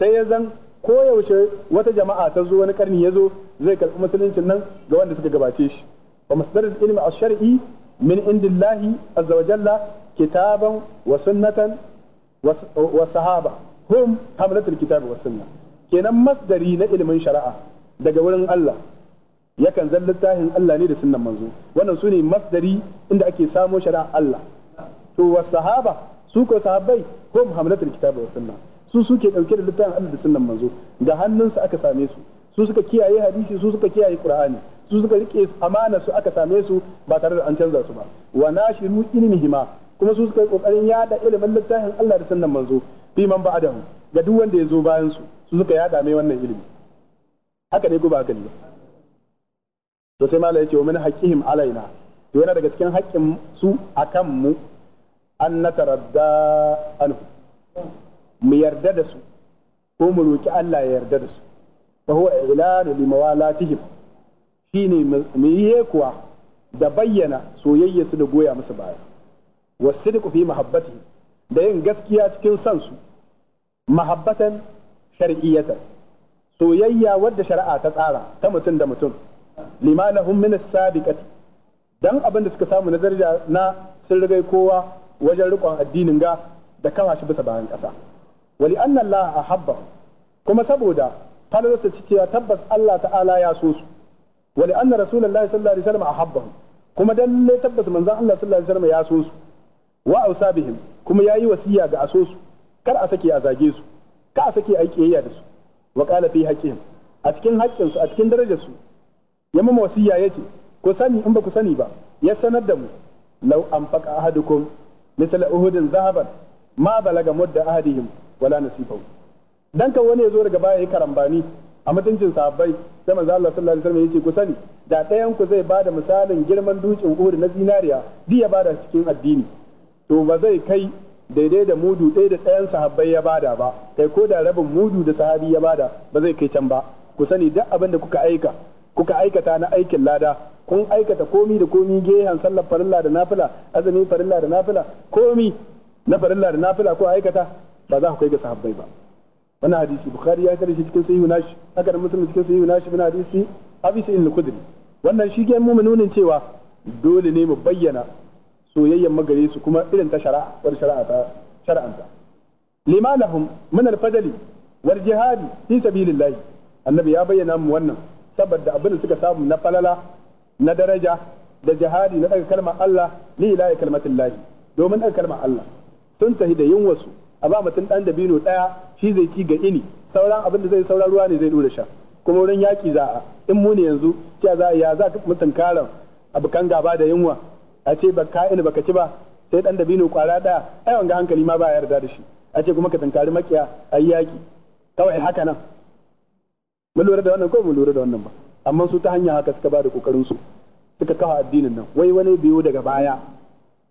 sai ya zan koyaushe wata jama'a ta zo wani karni ya zo zai karɓi musuluncin nan ga wanda suka gabace shi wa masdar ilmi ash-shar'i min indillahi azza wa jalla kitaban wa sunnatan wa sahaba hum hamlatul kitabi wa kenan masdari na ilimin shari'a daga wurin Allah yakan zan littafin Allah ne da sunan manzo wannan su ne masdari inda ake samo shari'a Allah to wa sahaba su ko sahabbai ko muhammadatul kitabi wa sunna su suke dauke da littafin Allah da sunan manzo ga hannunsu aka same su su suka kiyaye hadisi su suka kiyaye qur'ani su suka rike amana su aka same su ba tare da an canza su ba wa nashiru ilmihima kuma su suka yi kokarin yada ilimin littafin Allah da sunnan manzo bi man ba'adahu ga duk wanda ya zo bayan su su suka yada mai wannan ilimi haka ne ko ba haka to sai malai yace wa min alaina to yana daga cikin haƙƙin su akan mu an natarda anhu mu yarda da su ko mu roki Allah ya yarda da su fa huwa ilanu li mawalatihim shine mu yi kuwa da bayyana soyayya su da goya musu baya wasidqu fi mahabbati da yin gaskiya cikin san su mahabbatan shar'iyyatan soyayya wadda shari'a ta tsara ta mutum da mutum limanahum min as-sabiqati dan abin da suka samu na daraja na sun rigai kowa wajen rikon addinin ga da kama shi bisa bayan ƙasa wali anna Allah ahabba kuma saboda falalarsa cewa tabbas Allah ta'ala ya so su wali anna rasulullahi sallallahu alaihi wasallam ahabba kuma dalle tabbas manzon Allah sallallahu alaihi wasallam ya so su wa ausabihim kuma yayi wasiya ga asosu kar a sake a zage su ka a sake aiki yayya da su wa fi haqqihim a cikin haƙƙin su a cikin darajar su ya mu wasiya yace ku sani in ba ku sani ba ya sanar da mu law anfaqa ahadukum misal uhudin zahaban ma balaga mudda ahadihim wala nasifahu dan ka wani ya zo daga baya ya karambani a mutuncin sahabbai sai manzo Allah sallallahu alaihi wasallam yace ku sani da ɗayan ku zai bada misalin girman dukin Uhud na zinariya diya ba bada cikin addini to ba zai kai daidai da mudu ɗaya da ɗayan sahabbai ya bada ba kai ko da rabin mudu da sahabi ya bada ba zai kai can ba ku sani duk abin da kuka aika kuka aikata na aikin lada kun aikata komi da komi gehen sallar farilla da nafila azumi farilla da nafila komi na farilla da nafila ko aikata ba za ku kai ga sahabbai ba wannan hadisi bukhari ya kare shi cikin sahihu nashi haka da muslim cikin sahihu nashi bin hadisi abisi in kudri wannan shi ke mu nunin cewa dole ne mu bayyana soyayyen magare su kuma irin ta shari'a wani shari'a ta shar'anta lima min wal jihadi fi sabilillahi annabi ya bayyana mu wannan saboda abin da suka samu na falala na daraja da jihadi na daga kalmar Allah ni ilahi kalmatillahi domin daga kalmar Allah sun tahi da yunwasu a ba mutum dan dabino daya shi zai ci ga ini sauran abin da zai sauran ruwa ne zai dora sha kuma wurin yaki za a in mu ne yanzu cewa za ya za mutum karan abokan gaba da yunwa a ce ba ka'il baka ci ba sai dan da dabino kwara daya ai wanga hankali ma ba yarda da shi a ce kuma ka tankari makiya ayi yaki kawai haka nan mun lura da wannan ko mun lura da wannan ba amma su ta hanya haka suka ba da kokarin su suka kafa addinin nan wai wani biyo daga baya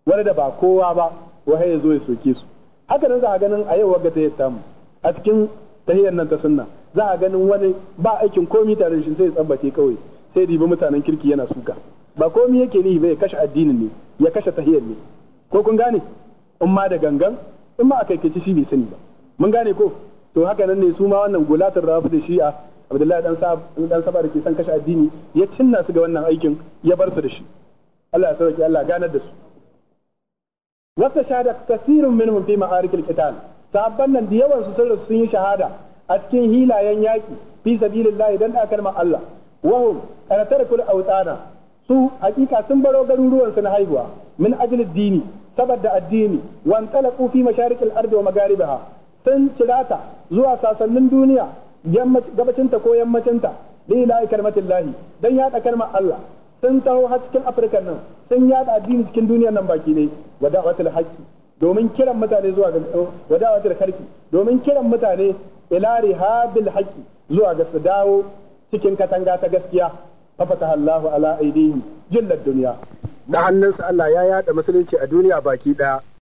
wani da ba kowa ba wahai ya zo ya soke su haka nan za a ganin a yau wagga ta yi mu a cikin tahiyar nan ta sunna za a ganin wani ba aikin komi tare shi sai ya tsambace kawai sai ba mutanen kirki yana suka ba komai yake nihi ba ya kashe addinin ne ya kashe tahiyar ne ko kun gane in ma da gangan in ma aka kici shi bai sani ba mun gane ko to haka nan ne su ma wannan gulatar rafi da shi'a abdullahi dan sab dan saba da ke san kashe addini ya cinna su ga wannan aikin ya bar su da shi Allah ya sauke Allah ganar da su wata shahada kasirun minhum fi ma'arikil qital sabban nan da yawan su sun sun yi shahada a cikin hilayen yaki fi sabilillah dan dakar ma Allah wahum kana tarkul awtana su hakika sun baro su na haihuwa min ajli dini saboda addini wan talaqu fi masharikil ardi wa magaribaha sun cirata zuwa sasannin duniya gabacinta ko yammacinta da ilahi kalmatillahi dan yada kalmar Allah sun taho har cikin Afirka nan sun yada addini cikin duniyar nan baki ne wa da'watul haqqi domin kiran mutane zuwa ga wa da'watul kharqi domin kiran mutane ila rihabil haqqi zuwa ga su dawo cikin katanga ta gaskiya fafataha Allahu ala aidihim jillad dunya da hannunsa Allah ya yaɗa musulunci a duniya baki ɗaya.